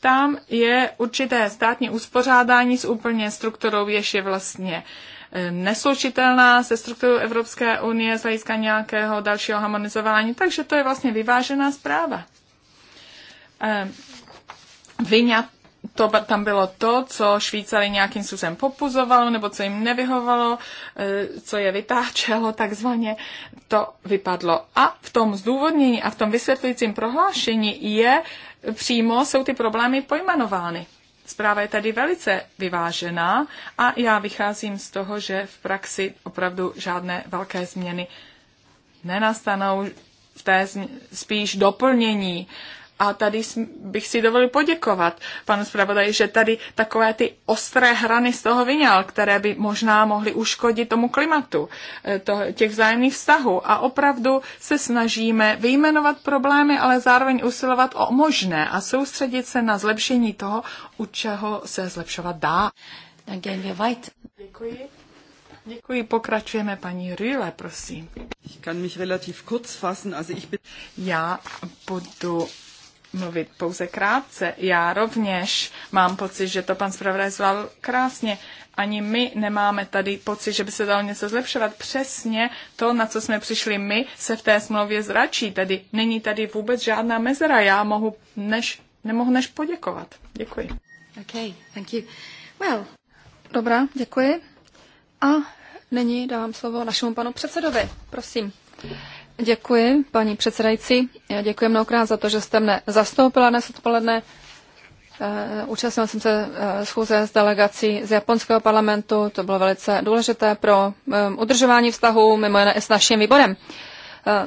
tam je určité státní uspořádání s úplně strukturou, jež je vlastně eh, neslučitelná se strukturou Evropské unie z hlediska nějakého dalšího harmonizování, takže to je vlastně vyvážená zpráva. Eh, Vyňat to tam bylo to, co Švýcary nějakým způsobem popuzovalo, nebo co jim nevyhovalo, e, co je vytáčelo takzvaně, to vypadlo. A v tom zdůvodnění a v tom vysvětlujícím prohlášení je přímo, jsou ty problémy pojmenovány. Zpráva je tady velice vyvážená a já vycházím z toho, že v praxi opravdu žádné velké změny nenastanou, v té spíš doplnění uh, a tady bych si dovolil poděkovat panu zpravodaji, že tady takové ty ostré hrany z toho vyňal, které by možná mohly uškodit tomu klimatu, eh, to, těch vzájemných vztahů. A opravdu se snažíme vyjmenovat problémy, ale zároveň usilovat o možné a soustředit se na zlepšení toho, u čeho se zlepšovat dá. Děkuji. Děkuji, pokračujeme paní Rühle, prosím. Já budu mluvit pouze krátce. Já rovněž mám pocit, že to pan zpravodaj zval krásně. Ani my nemáme tady pocit, že by se dalo něco zlepšovat. Přesně to, na co jsme přišli my, se v té smlouvě zračí. Tedy není tady vůbec žádná mezera. Já mohu než, nemohu než poděkovat. Děkuji. Okay, thank you. Well. Dobrá, děkuji. A nyní dávám slovo našemu panu předsedovi. Prosím. Děkuji, paní předsedající. Já děkuji mnohokrát za to, že jste mne zastoupila dnes odpoledne. Eh, Účastnil jsem se eh, schůze s delegací z japonského parlamentu. To bylo velice důležité pro eh, udržování vztahu mimo jiné i s naším výborem.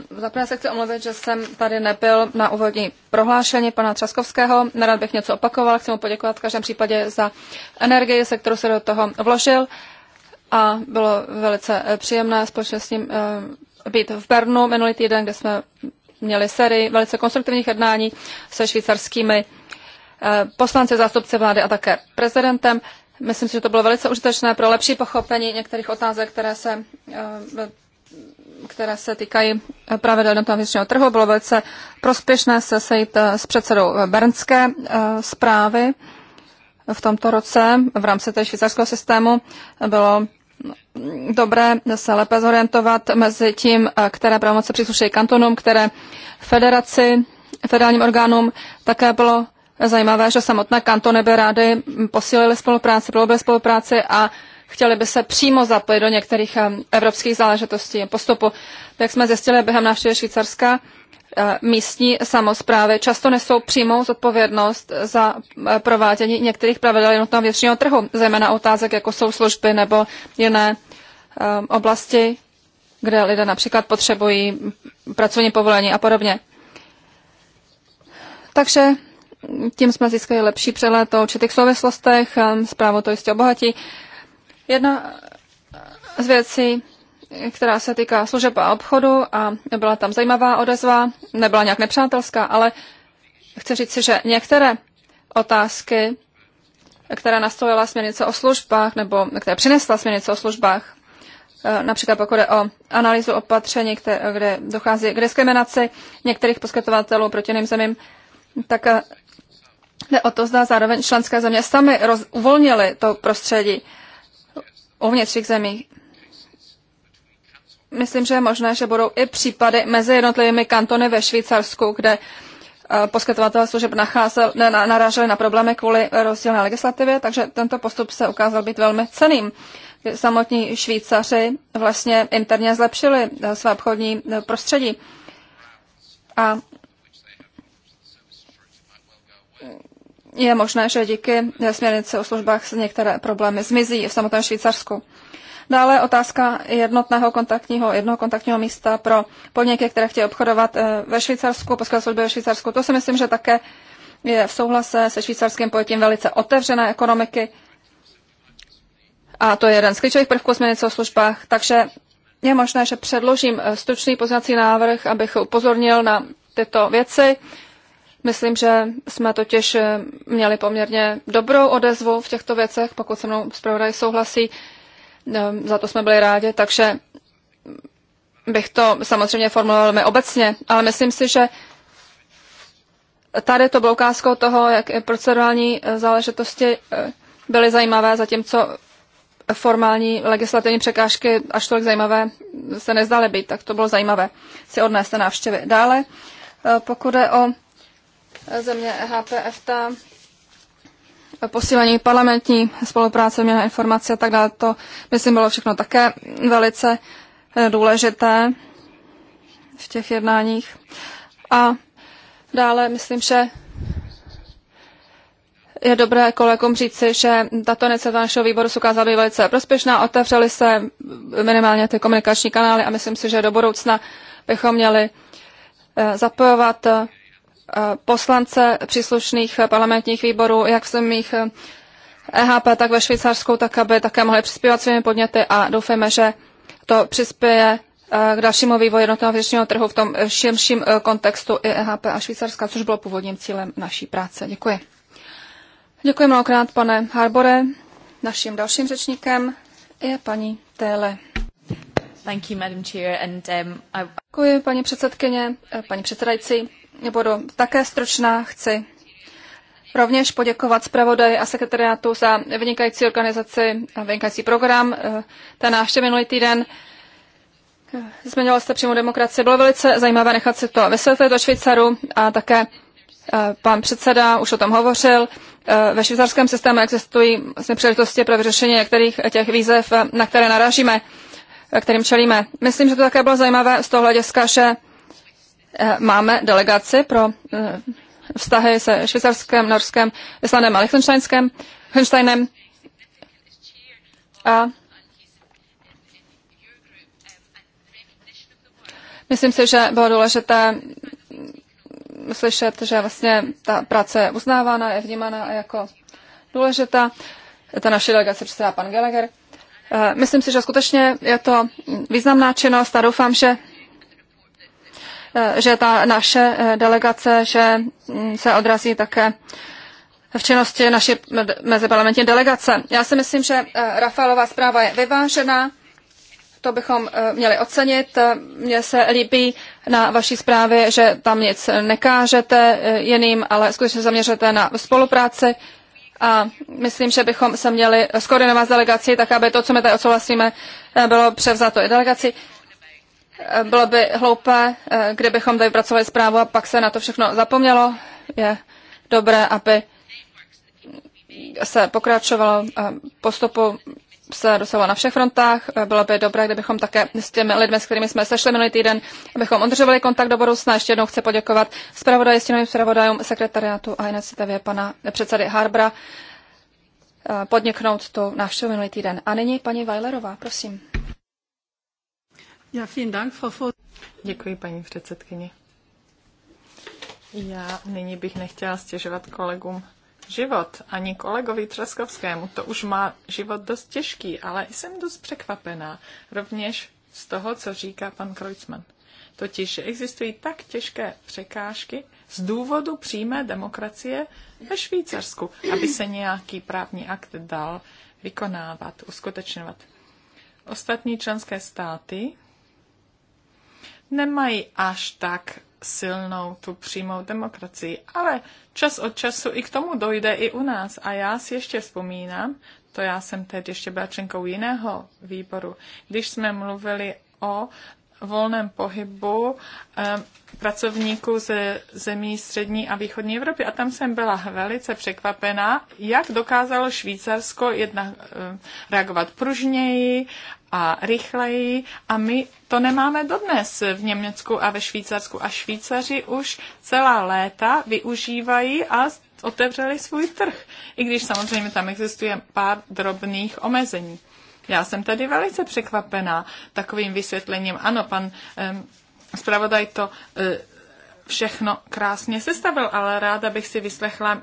Zaprvé se chci omluvit, že jsem tady nebyl na úvodní prohlášení pana Třaskovského. Nerad bych něco opakoval. Chci mu poděkovat v každém případě za energii, se kterou se do toho vložil. A bylo velice příjemné společně s ním být v Bernu minulý týden, kde jsme měli sérii velice konstruktivních jednání se švýcarskými eh, poslanci, zástupci vlády a také prezidentem. Myslím si, že to bylo velice užitečné pro lepší pochopení některých otázek, které se, eh, které se týkají eh, pravidel na vnitřního trhu. Bylo velice prospěšné se sejít s předsedou Bernské zprávy v tomto roce v rámci té švýcarského systému. Bylo dobré se lépe zorientovat mezi tím, eh, které pravomoce příslušejí kantonům, které federaci, federálním orgánům. Také bylo zajímavé, že samotné kantony by rády posílili spolupráci, bylo by spolupráci a chtěli by se přímo zapojit do některých eh, evropských záležitostí postupu. Jak jsme zjistili během návštěvy Švýcarska, eh, místní samozprávy často nesou přímou zodpovědnost za eh, provádění některých pravidel jednotného většího trhu, zejména otázek, jako jsou služby nebo jiné oblasti, kde lidé například potřebují pracovní povolení a podobně. Takže tím jsme získali lepší přehled o určitých souvislostech, zprávu to jistě obohatí. Jedna z věcí, která se týká služeb a obchodu a byla tam zajímavá odezva, nebyla nějak nepřátelská, ale chci říct, že některé otázky, které nastolila směrnice o službách, nebo které přinesla směrnice o službách, eh, například pokud je o analýzu opatření, které, kde dochází k diskriminaci některých poskytovatelů proti jiným zemím, tak eh, jde o to, zda zároveň členské země sami uvolnili to prostředí uvnitř svých zemí. Myslím, že je možné, že budou i případy mezi jednotlivými kantony ve Švýcarsku, kde eh, poskytovatel služeb nacházel, naráželi na problémy kvůli rozdílné legislativě, takže tento postup se ukázal být velmi ceným. Samotní Švýcaři vlastně interně zlepšili eh, své obchodní eh, prostředí. A je možné, že díky směrnici o službách se některé problémy zmizí v samotném Švýcarsku. Dále otázka jednotného kontaktního, jednoho kontaktního místa pro podniky, které chtějí obchodovat eh, ve Švýcarsku, poskytovat služby ve Švýcarsku. To si myslím, že také je v souhlase se švýcarským pojetím velice otevřené ekonomiky. A to je jeden z klíčových prvků směrnice o službách. Takže je možné, že předložím eh, stručný poznací návrh, abych upozornil na tyto věci. Myslím, že jsme totiž eh, měli poměrně dobrou odezvu v těchto věcech, pokud se mnou zpravodaj souhlasí. No, za to jsme byli rádi, takže bych to samozřejmě formuloval velmi obecně, ale myslím si, že tady to bylo ukázkou toho, jak procedurální eh, záležitosti eh, byly zajímavé, zatímco formální legislativní překážky až tolik zajímavé se nezdaly být, tak to bylo zajímavé si odnést té návštěvy. Dále, pokud je o země HPF, ta posílení parlamentní spolupráce, měna informace a tak dále, to myslím bylo všechno také velice eh, důležité v těch jednáních. A dále myslím, že je dobré kolegům říci, že tato iniciativa našeho výboru se ukázala být velice prospěšná, otevřely se minimálně ty komunikační kanály a myslím si, že do budoucna bychom měli eh, zapojovat eh, Eh, poslance příslušných eh, parlamentních výborů, jak v zemích EHP, e tak ve Švýcarsku, tak aby také mohli přispívat svými podněty a doufejme, že to přispěje eh, k dalšímu vývoji jednotného vnitřního trhu v tom širším kontextu i EHP a Švýcarska, což bylo původním cílem naší práce. Děkuji. Děkuji mnohokrát, pane Harbore. Naším dalším řečníkem je paní Téle. Thank you, Madam Chair, um, Děkuji, paní předsedkyně, paní předsedající budu také stručná. Chci rovněž poděkovat zpravodaji a sekretariátu za vynikající organizaci a vynikající program. Eh, ten návštěv minulý týden eh, Zmiňoval jste přímo demokracie. Bylo velice zajímavé nechat si to vysvětlit do Švýcaru a také eh, pan předseda už o tom hovořil. Ve švýcarském systému existují vlastně příležitosti pro vyřešení některých těch výzev, na které narážíme, kterým čelíme. Myslím, že to také bylo zajímavé z toho hlediska, že máme delegaci pro eh, vztahy se švýcarském, norském, Islandem a Lichtensteinskem, Lichtensteinem. A myslím si, že bylo důležité slyšet, že vlastně ta práce je uznávána, je vnímána jako důležitá. Ta naše delegace předseda pan Gallagher. Eh, myslím si, že skutečně je to významná činnost a doufám, že Eh, že ta naše eh, delegace, že mm, se odrazí také v činnosti naší meziparlamentní delegace. Já si myslím, že eh, Rafalová zpráva je vyvážená, to bychom měli ocenit. Mně se líbí na vaší zprávě, že tam nic nekážete jiným, ale skutečně zaměřete na spolupráci a myslím, že bychom se měli skoordinovat s delegací, tak aby to, co my tady odsouhlasíme, bylo převzato i delegaci. Eh, bylo by hloupé, eh, kdybychom tady pracovali zprávu a pak se na to všechno zapomnělo. Je dobré, aby se pokračovalo postupu se dosahovalo na všech frontách. Eh, bylo by dobré, kdybychom také s těmi lidmi, s kterými jsme sešli minulý týden, abychom udržovali kontakt do budoucna. Ještě jednou chci poděkovat zpravodaji, stěnovým zpravodajům, sekretariátu a iniciativě pana předsedy Harbra podniknout tu návštěvu minulý týden. A nyní paní Vajlerová, prosím. Děkuji, paní předsedkyně. Já nyní bych nechtěla stěžovat kolegům život, ani kolegovi Třeskovskému. To už má život dost těžký, ale jsem dost překvapená. Rovněž z toho, co říká pan Kreuzmann. Totiž, že existují tak těžké překážky z důvodu přímé demokracie ve Švýcarsku, aby se nějaký právní akt dal vykonávat, uskutečňovat. Ostatní členské státy nemají až tak silnou tu přímou demokracii. Ale čas od času i k tomu dojde i u nás. A já si ještě vzpomínám, to já jsem teď ještě byla členkou jiného výboru, když jsme mluvili o volném pohybu um, pracovníků ze zemí střední a východní Evropy. A tam jsem byla velice překvapená, jak dokázalo Švýcarsko jedna, um, ehm, reagovat pružněji a rychleji a my to nemáme dodnes v Německu a ve Švýcarsku. A Švýcaři už celá léta využívají a otevřeli svůj trh, i když samozřejmě tam existuje pár drobných omezení. Já jsem tady velice překvapená takovým vysvětlením. Ano, pan um, zpravodaj to e, všechno krásně sestavil, ale ráda bych si vyslechla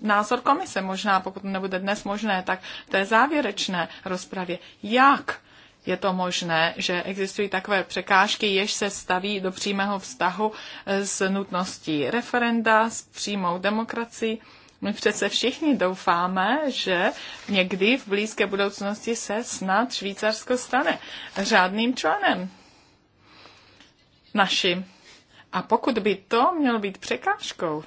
názor komise, možná pokud nebude dnes možné, tak v té závěrečné rozpravě, jak je to možné, že existují takové překážky, jež se staví do přímého vztahu eh, s nutností referenda, s přímou demokracií. My přece všichni doufáme, že někdy v blízké budoucnosti se snad Švýcarsko stane řádným členem našim. A pokud by to mělo být překážkou,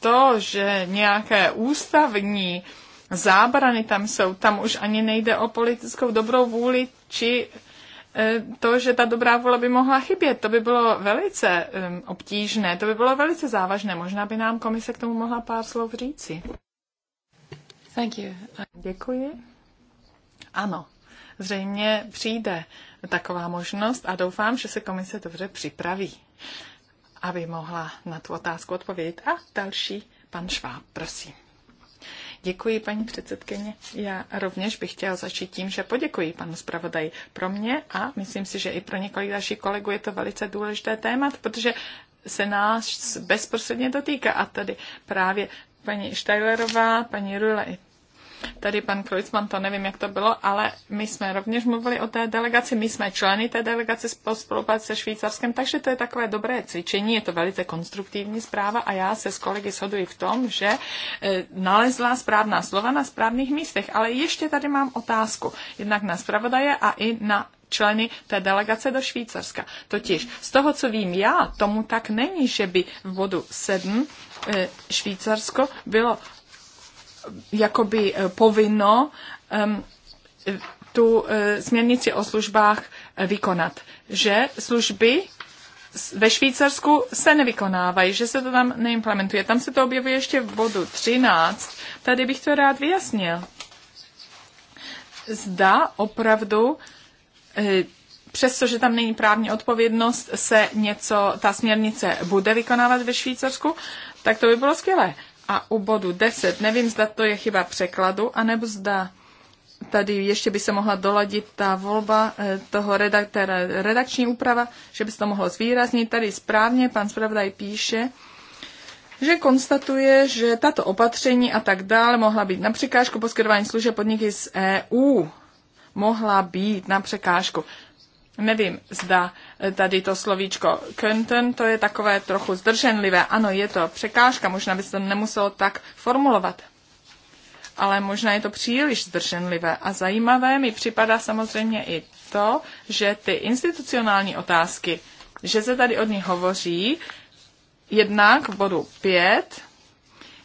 to, že nějaké ústavní zábrany tam jsou. Tam už ani nejde o politickou dobrou vůli či e, to, že ta dobrá vůle by mohla chybět, to by bylo velice um, obtížné, to by bylo velice závažné. Možná by nám komise k tomu mohla pár slov říci. Thank you. Děkuji. Ano, zřejmě přijde taková možnost a doufám, že se komise dobře připraví, aby mohla na tu otázku odpovědět. A další, pan Šváb, prosím. Děkuji, paní předsedkyně. Já rovněž bych chtěla začít tím, že poděkuji panu zpravodaji pro mě a myslím si, že i pro několik dalších kolegů je to velice důležité témat, protože se nás bezprostředně dotýká a tady právě paní Štajlerová, paní Rule i Tady pan Kreuzmann, to nevím, jak to bylo, ale my jsme rovněž mluvili o té delegaci, my jsme členy té delegace po spolupráci se Švýcarskem, takže to je takové dobré cvičení, je to velice konstruktivní zpráva a já se s kolegy shoduji v tom, že e, nalezla správná slova na správných místech, ale ještě tady mám otázku, jednak na zpravodaje a i na členy té delegace do Švýcarska. Totiž z toho, co vím já, tomu tak není, že by v bodu 7 e, Švýcarsko bylo jakoby eh, povinno tu eh, směrnici o službách eh, vykonat. Že služby ve Švýcarsku se nevykonávají, že se to tam neimplementuje. Tam se to objevuje ještě v bodu 13. Tady bych to rád vyjasnil. Zda opravdu, přestože tam není právní odpovědnost, se něco, ta směrnice bude vykonávat ve Švýcarsku, tak to by bylo skvělé. A u bodu 10, nevím, zda to je chyba překladu, anebo zda tady ještě by se mohla doladit ta volba eh, toho redaktora, redakční úprava, že by se to mohlo zvýraznit. Tady správně pan zpravodaj píše, že konstatuje, že tato opatření a tak dále mohla být na překážku poskytování služeb podniky z EU. Mohla být na překážku. Nevím, zda eh, tady to slovíčko könnten, to je takové trochu zdrženlivé. Ano, je to překážka, možná by se to nemuselo tak formulovat. Ale možná je to příliš zdrženlivé. A zajímavé mi připadá samozřejmě i to, že ty institucionální otázky, že se tady od nich hovoří, jednak v bodu 5,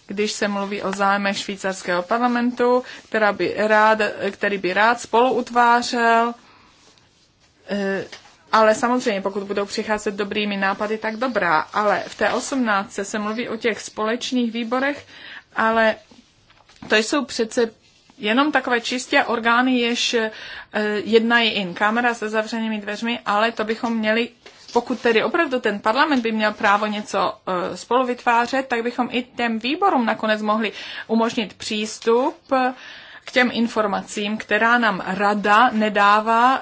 když se mluví o zájmech švýcarského parlamentu, která by rád, eh, který by rád spoluutvářel utvářel Eh, ale samozřejmě, pokud budou přicházet dobrými nápady, tak dobrá. Ale v té osmnáctce se mluví o těch společných výborech, ale to jsou přece jenom takové čistě orgány, jež eh, jednají in kamera se zavřenými dveřmi, ale to bychom měli pokud tedy opravdu ten parlament by měl právo něco eh, spolu vytvářet, tak bychom i těm výborům nakonec mohli umožnit přístup k těm informacím, která nám rada nedává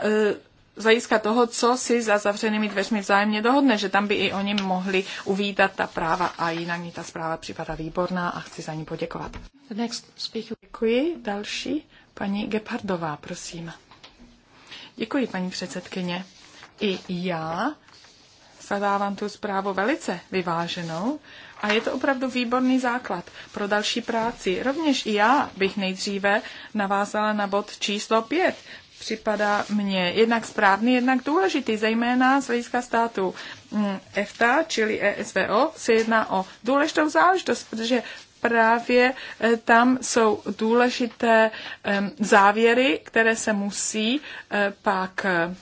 z hlediska toho, co si za zavřenými dveřmi vzájemně dohodne, že tam by i oni mohli uvítat ta práva a jinak mi ta zpráva připadá výborná a chci za ní poděkovat. next speaker. Děkuji. Další, paní Gepardová, prosím. Děkuji, paní předsedkyně. I já zadávám tu zprávu velice vyváženou a je to opravdu výborný základ pro další práci. Rovněž i já bych nejdříve navázala na bod číslo 5, připadá mně jednak správný, jednak důležitý, zejména z hlediska státu mm, EFTA, čili ESVO, se jedná o důležitou záležitost, protože právě eh, tam jsou důležité závěry, které se musí eh, pak eh,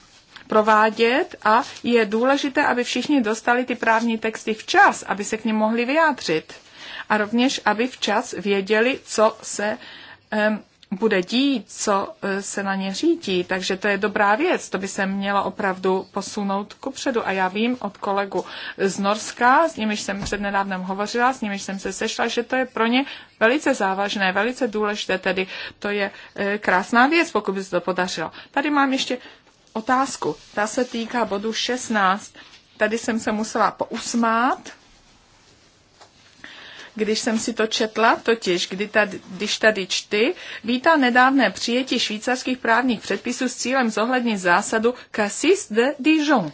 provádět a je důležité, aby všichni dostali ty právní texty včas, aby se k ním mohli vyjádřit. A rovněž, aby včas věděli, co se bude dít, co e, se na ně řídí. Takže to je dobrá věc, to by se mělo opravdu posunout kupředu. A já vím od kolegu z Norska, s nimiž jsem přednedávnem hovořila, s nimiž jsem se sešla, že to je pro ně velice závažné, velice důležité, tedy to je e, krásná věc, pokud by se to podařilo. Tady mám ještě otázku. Ta se týká bodu 16. Tady jsem se musela pousmát, když jsem si to četla, totiž kdy tady, když tady čty, vítá nedávné přijetí švýcarských právních předpisů s cílem zohlednit zásadu Cassis de Dijon.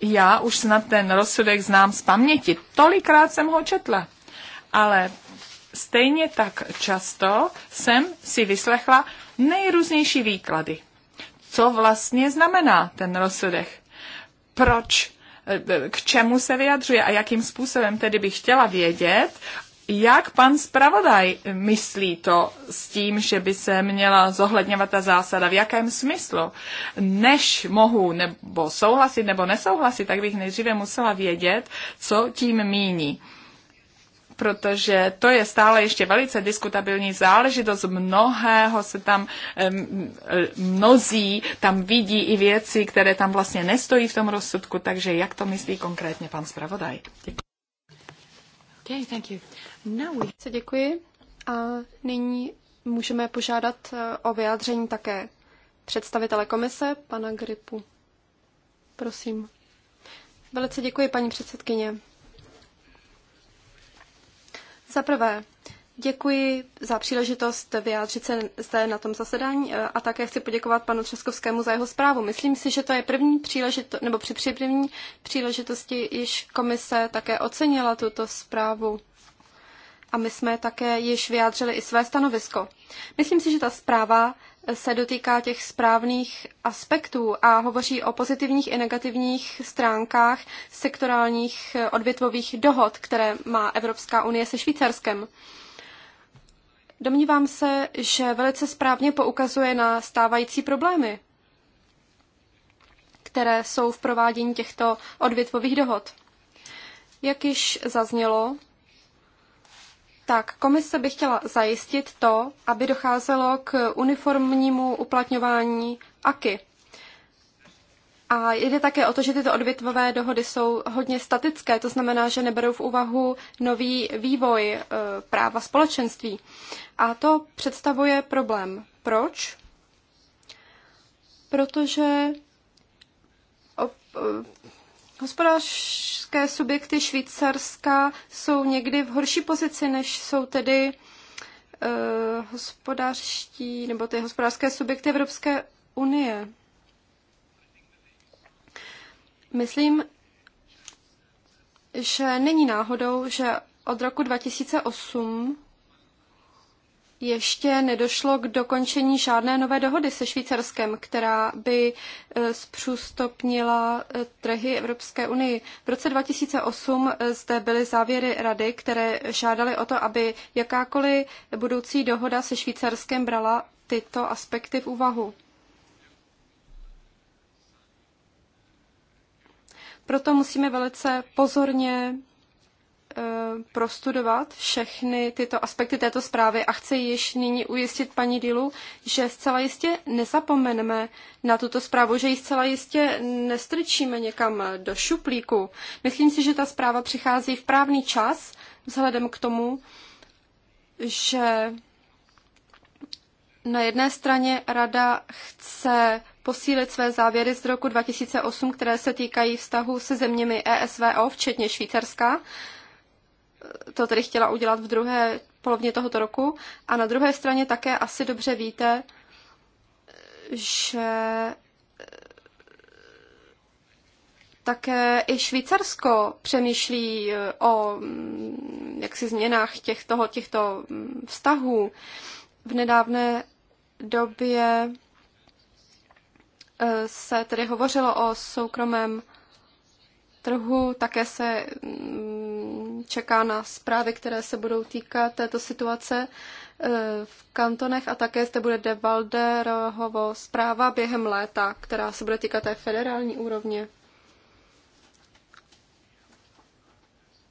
Já už snad ten rozsudek znám z paměti. Tolikrát jsem ho četla. Ale stejně tak často jsem si vyslechla nejrůznější výklady. Co vlastně znamená ten rozsudek? Proč k čemu se vyjadřuje a jakým způsobem tedy bych chtěla vědět, jak pan zpravodaj myslí to s tím, že by se měla zohledňovat ta zásada, v jakém smyslu? Než mohu nebo souhlasit nebo nesouhlasit, tak bych nejdříve musela vědět, co tím míní protože to je stále ještě velice diskutabilní záležitost. Mnohého se tam mnozí tam vidí i věci, které tam vlastně nestojí v tom rozsudku, takže jak to myslí konkrétně pan zpravodaj? Děkuji. Okay, thank you. Now we... Děkuji. A nyní můžeme požádat eh, o vyjádření také představitele komise, pana Gripu. Prosím. Velice děkuji, paní předsedkyně. Za prvé, děkuji za příležitost vyjádřit se zde na tom zasedání eh, a také chci poděkovat panu Třeskovskému za jeho zprávu. Myslím si, že to je první příležitost, nebo při první příležitosti již komise také ocenila tuto zprávu a my jsme také již vyjádřili i své stanovisko. Myslím si, že ta zpráva se dotýká těch správných aspektů a hovoří o pozitivních i negativních stránkách sektorálních eh, odvětvových dohod, které má Evropská unie se Švýcarskem. Domnívám se, že velice správně poukazuje na stávající problémy, které jsou v provádění těchto odvětvových dohod. Jak již zaznělo, tak komise by chtěla zajistit to, aby docházelo k uniformnímu uplatňování AKY. A jde také o to, že tyto odvětvové dohody jsou hodně statické, to znamená, že neberou v úvahu nový vývoj e, práva společenství. A to představuje problém. Proč? Protože e, Hospodářské subjekty Švýcarska jsou někdy v horší pozici, než jsou tedy uh, hospodářští nebo ty hospodářské subjekty Evropské unie. Myslím, že není náhodou, že od roku 2008 ještě nedošlo k dokončení žádné nové dohody se Švýcarskem, která by e, zpřístupnila e, trhy Evropské unii. V roce 2008 e, zde byly závěry rady, které žádaly o to, aby jakákoliv budoucí dohoda se Švýcarskem brala tyto aspekty v úvahu. Proto musíme velice pozorně Eh, prostudovat všechny tyto aspekty této zprávy a chci již nyní ujistit paní Dilu, že zcela jistě nezapomeneme na tuto zprávu, že ji zcela jistě nestrčíme někam do šuplíku. Myslím si, že ta zpráva přichází v právný čas vzhledem k tomu, že na jedné straně rada chce posílit své závěry z roku 2008, které se týkají vztahu se zeměmi ESVO, včetně Švýcarska, to tedy chtěla udělat v druhé polovině tohoto roku. A na druhé straně také asi dobře víte, že eh, také i Švýcarsko přemýšlí eh, o mm, jaksi změnách těchto, těchto mm, vztahů. V nedávné době eh, se tedy hovořilo o soukromém trhu, také se mm, čeká na zprávy, které se budou týkat této situace eh, v kantonech a také zde bude de Valderohovo zpráva během léta, která se bude týkat té federální úrovně.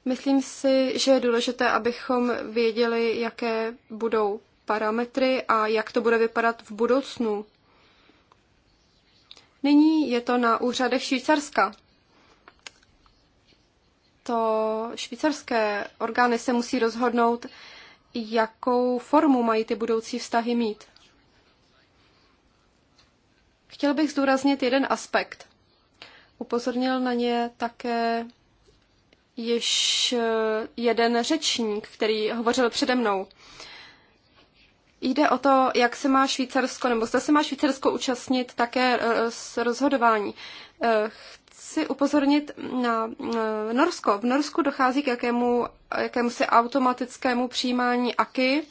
Myslím si, že je důležité, abychom věděli, jaké budou parametry a jak to bude vypadat v budoucnu. Nyní je to na úřadech Švýcarska, to švýcarské orgány se musí rozhodnout, jakou formu mají ty budoucí vztahy mít. Chtěl bych zdůraznit jeden aspekt. Upozornil na ně také již eh, jeden řečník, který hovořil přede mnou. Jde o to, jak se má Švýcarsko, nebo zda se má Švýcarsko účastnit také z eh, rozhodování. Eh, chci upozornit na eh, Norsko. V Norsku dochází k jakému, jakému si automatickému přijímání AKY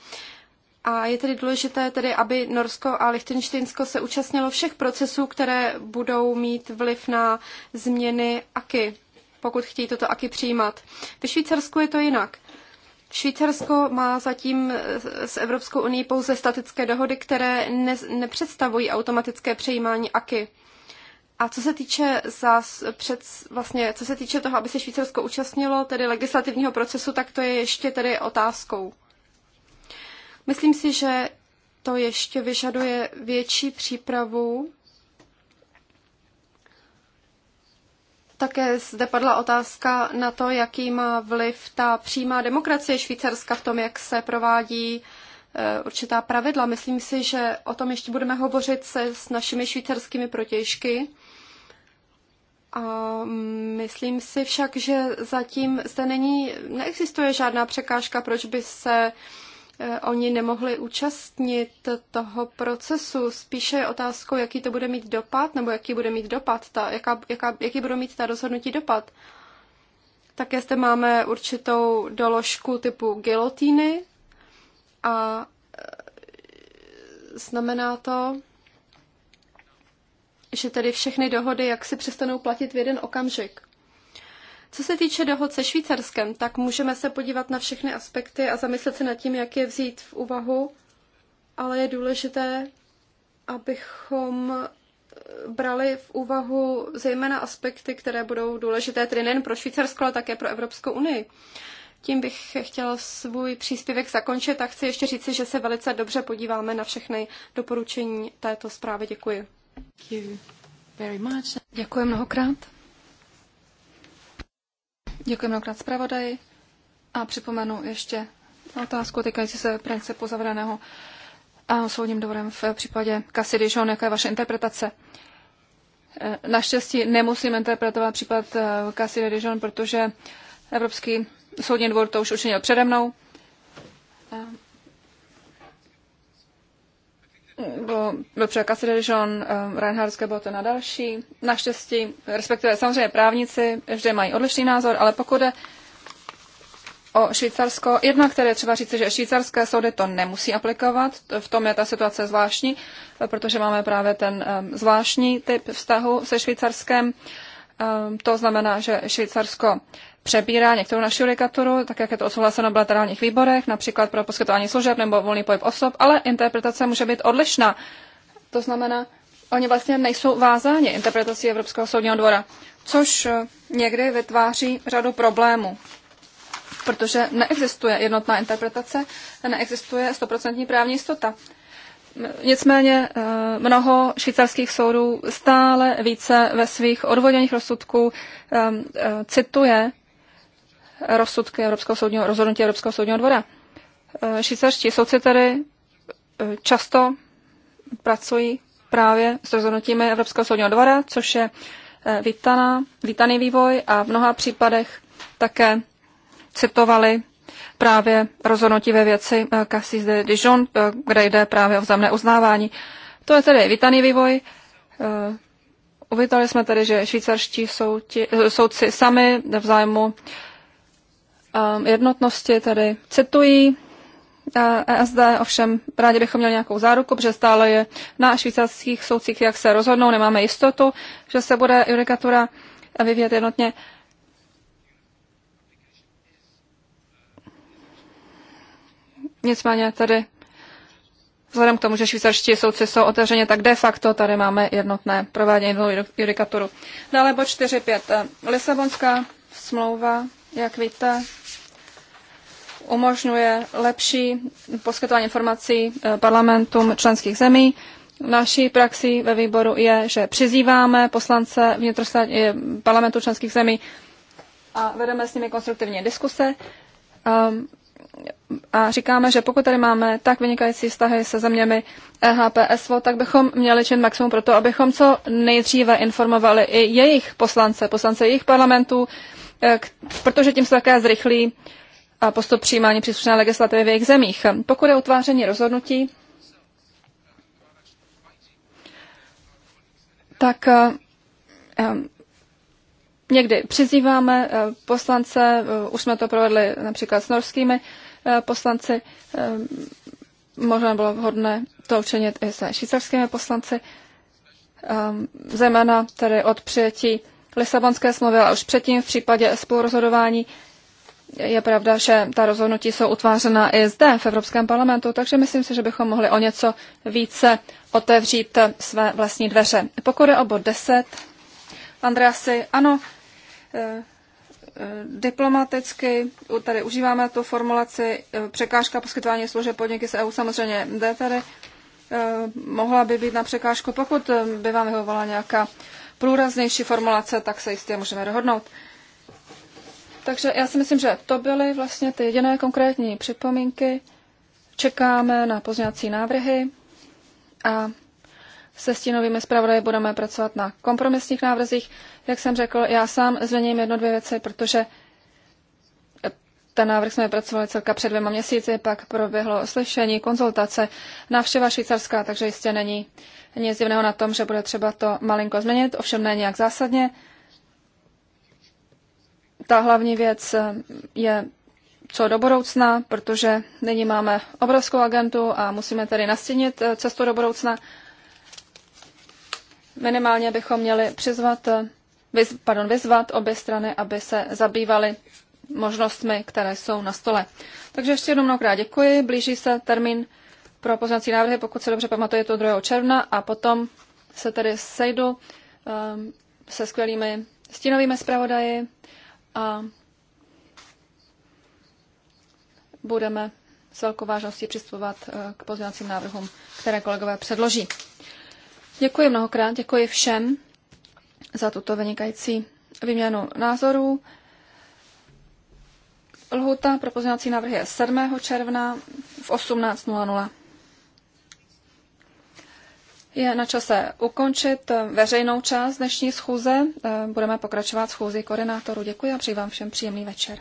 a je tedy důležité, tedy, aby Norsko a Lichtenštejnsko se účastnilo všech procesů, které budou mít vliv na změny AKY, pokud chtějí toto AKY přijímat. Ve Švýcarsku je to jinak. Švýcarsko má zatím eh, s Evropskou unii pouze statické dohody, které ne, nepředstavují automatické přejímání AKY. A co se týče zás, před, vlastně, co se týče toho, aby se Švýcarsko účastnilo tedy legislativního procesu, tak to je ještě tedy otázkou. Myslím si, že to ještě vyžaduje větší přípravu. Také zde padla otázka na to, jaký má vliv ta přímá demokracie Švýcarska v tom, jak se provádí e, určitá pravidla. Myslím si, že o tom ještě budeme hovořit se s našimi švýcarskými protěžky. A myslím si však, že zatím zde není, neexistuje žádná překážka, proč by se eh, oni nemohli účastnit toho procesu. Spíše je otázkou, jaký to bude mít dopad, nebo jaký bude mít dopad, ta, jaká, jaká, jaký budou mít ta rozhodnutí dopad. Také zde máme určitou doložku typu gilotýny a eh, znamená to, že tedy všechny dohody jak si přestanou platit v jeden okamžik. Co se týče dohod se Švýcarskem, tak můžeme se podívat na všechny aspekty a zamyslet se nad tím, jak je vzít v úvahu, ale je důležité, abychom brali v úvahu zejména aspekty, které budou důležité tedy nejen pro Švýcarsko, ale také pro Evropskou unii. Tím bych chtěla svůj příspěvek zakončit a chci ještě říci, že se velice dobře podíváme na všechny doporučení této zprávy. Děkuji. Děkuji mnohokrát. Děkuji mnohokrát zpravodaji a připomenu ještě otázku týkající se principu zavraného a soudním dvorem v případě Cassidy John, jaká je vaše interpretace. E, naštěstí nemusím interpretovat případ e, Cassidy Dijon, protože Evropský soudní dvor to už učinil přede mnou. E, bylo, byl překaz Dijon, eh, Reinhardské bylo to na další. Naštěstí, respektive samozřejmě právníci vždy mají odlišný názor, ale pokud je o Švýcarsko, jedna, které třeba říci, že švýcarské soudy to nemusí aplikovat, v tom je ta situace zvláštní, eh, protože máme právě ten eh, zvláštní typ vztahu se Švýcarskem. To znamená, že Švýcarsko přebírá některou naši judikaturu, tak jak je to odsouhlaseno v bilaterálních výborech, například pro poskytování služeb nebo volný pohyb osob, ale interpretace může být odlišná. To znamená, oni vlastně nejsou vázáni interpretací Evropského soudního dvora, což eh, někdy vytváří řadu problémů, protože neexistuje jednotná interpretace, neexistuje stoprocentní právní jistota. Nicméně eh, mnoho švýcarských soudů stále více ve svých odvoděních rozsudků eh, cituje rozsudky Evropského soudního, rozhodnutí Evropského soudního dvora. E, švýcarští soudci tady e, často pracují právě s rozhodnutími Evropského soudního dvora, což je e, vítaná, vítaný vývoj a v mnoha případech také citovali právě rozhodnutí ve věci Cassis de Dijon, kde jde právě o vzájemné uznávání. To je tedy vítaný vývoj. Uvítali jsme tedy, že švýcarští soudci, soudci sami v zájmu Um, jednotnosti, tedy citují ESD, eh, e ovšem rádi bychom měli nějakou záruku, protože stále je na švýcarských soudcích, jak se rozhodnou, nemáme jistotu, že se bude judikatura vyvíjet jednotně. Nicméně tedy vzhledem k tomu, že švýcarští soudci jsou otevřeně, tak de facto tady máme jednotné provádění judikaturu. Dále bod 4.5. Eh, Lisabonská smlouva, jak víte, umožňuje lepší poskytování informací eh, parlamentům členských zemí. Naší praxi ve výboru je, že přizýváme poslance eh, parlamentu členských zemí a vedeme s nimi konstruktivní diskuse. Ehm, a říkáme, že pokud tady máme tak vynikající vztahy se zeměmi EHPSO, tak bychom měli čin maximum pro to, abychom co nejdříve informovali i jejich poslance, poslance jejich parlamentů, eh, protože tím se také zrychlí a postup přijímání příslušné legislativy v jejich zemích. Pokud je utváření rozhodnutí, tak eh, eh, někdy přizýváme eh, poslance, už jsme to provedli například s norskými poslanci, možná bylo vhodné to učinit i se švýcarskými poslanci, zejména tedy od přijetí Lisabonské smlouvy, ale už předtím v případě spolurozhodování je pravda, že ta rozhodnutí jsou utvářena i zde v Evropském parlamentu, takže myslím si, že bychom mohli o něco více otevřít své vlastní dveře. Pokud je o bod 10, Andreasi, ano, eh, eh, diplomaticky, tady užíváme tu formulaci eh, překážka poskytování služeb podniky z EU, samozřejmě jde tady, mohla by být na překážku, pokud by vám vyhovovala nějaká průraznější formulace, tak se jistě můžeme dohodnout. Takže já si myslím, že to byly vlastně ty jediné konkrétní připomínky. Čekáme na pozněcí návrhy a se stínovými zpravodaji budeme pracovat na kompromisních návrzích. Jak jsem řekl, já sám změním jedno, dvě věci, protože ten návrh jsme pracovali celka před dvěma měsíci, pak proběhlo slyšení, konzultace, návštěva švýcarská, takže jistě není nic divného na tom, že bude třeba to malinko změnit, ovšem ne nějak zásadně ta hlavní věc eh, je co do budoucna, protože nyní máme obrovskou agentu a musíme tedy nastínit eh, cestu do budoucna. Minimálně bychom měli přizvat, eh, vyz, pardon, vyzvat obě strany, aby se zabývaly možnostmi, které jsou na stole. Takže ještě jednou mnohokrát děkuji. Blíží se termín pro poznací návrhy, pokud se dobře pamatuje, to 2. června a potom se tedy sejdu um, se skvělými stínovými zpravodaji a budeme s velkou vážností přistupovat eh, k pozměňovacím návrhům, které kolegové předloží. Děkuji mnohokrát, děkuji všem za tuto vynikající výměnu názorů. Lhuta pro pozměňovací návrhy je 7. června v 18.00. Je na čase ukončit veřejnou část dnešní schůze. Eh, budeme pokračovat schůzi koordinátorů. Děkuji a přeji vám všem příjemný večer.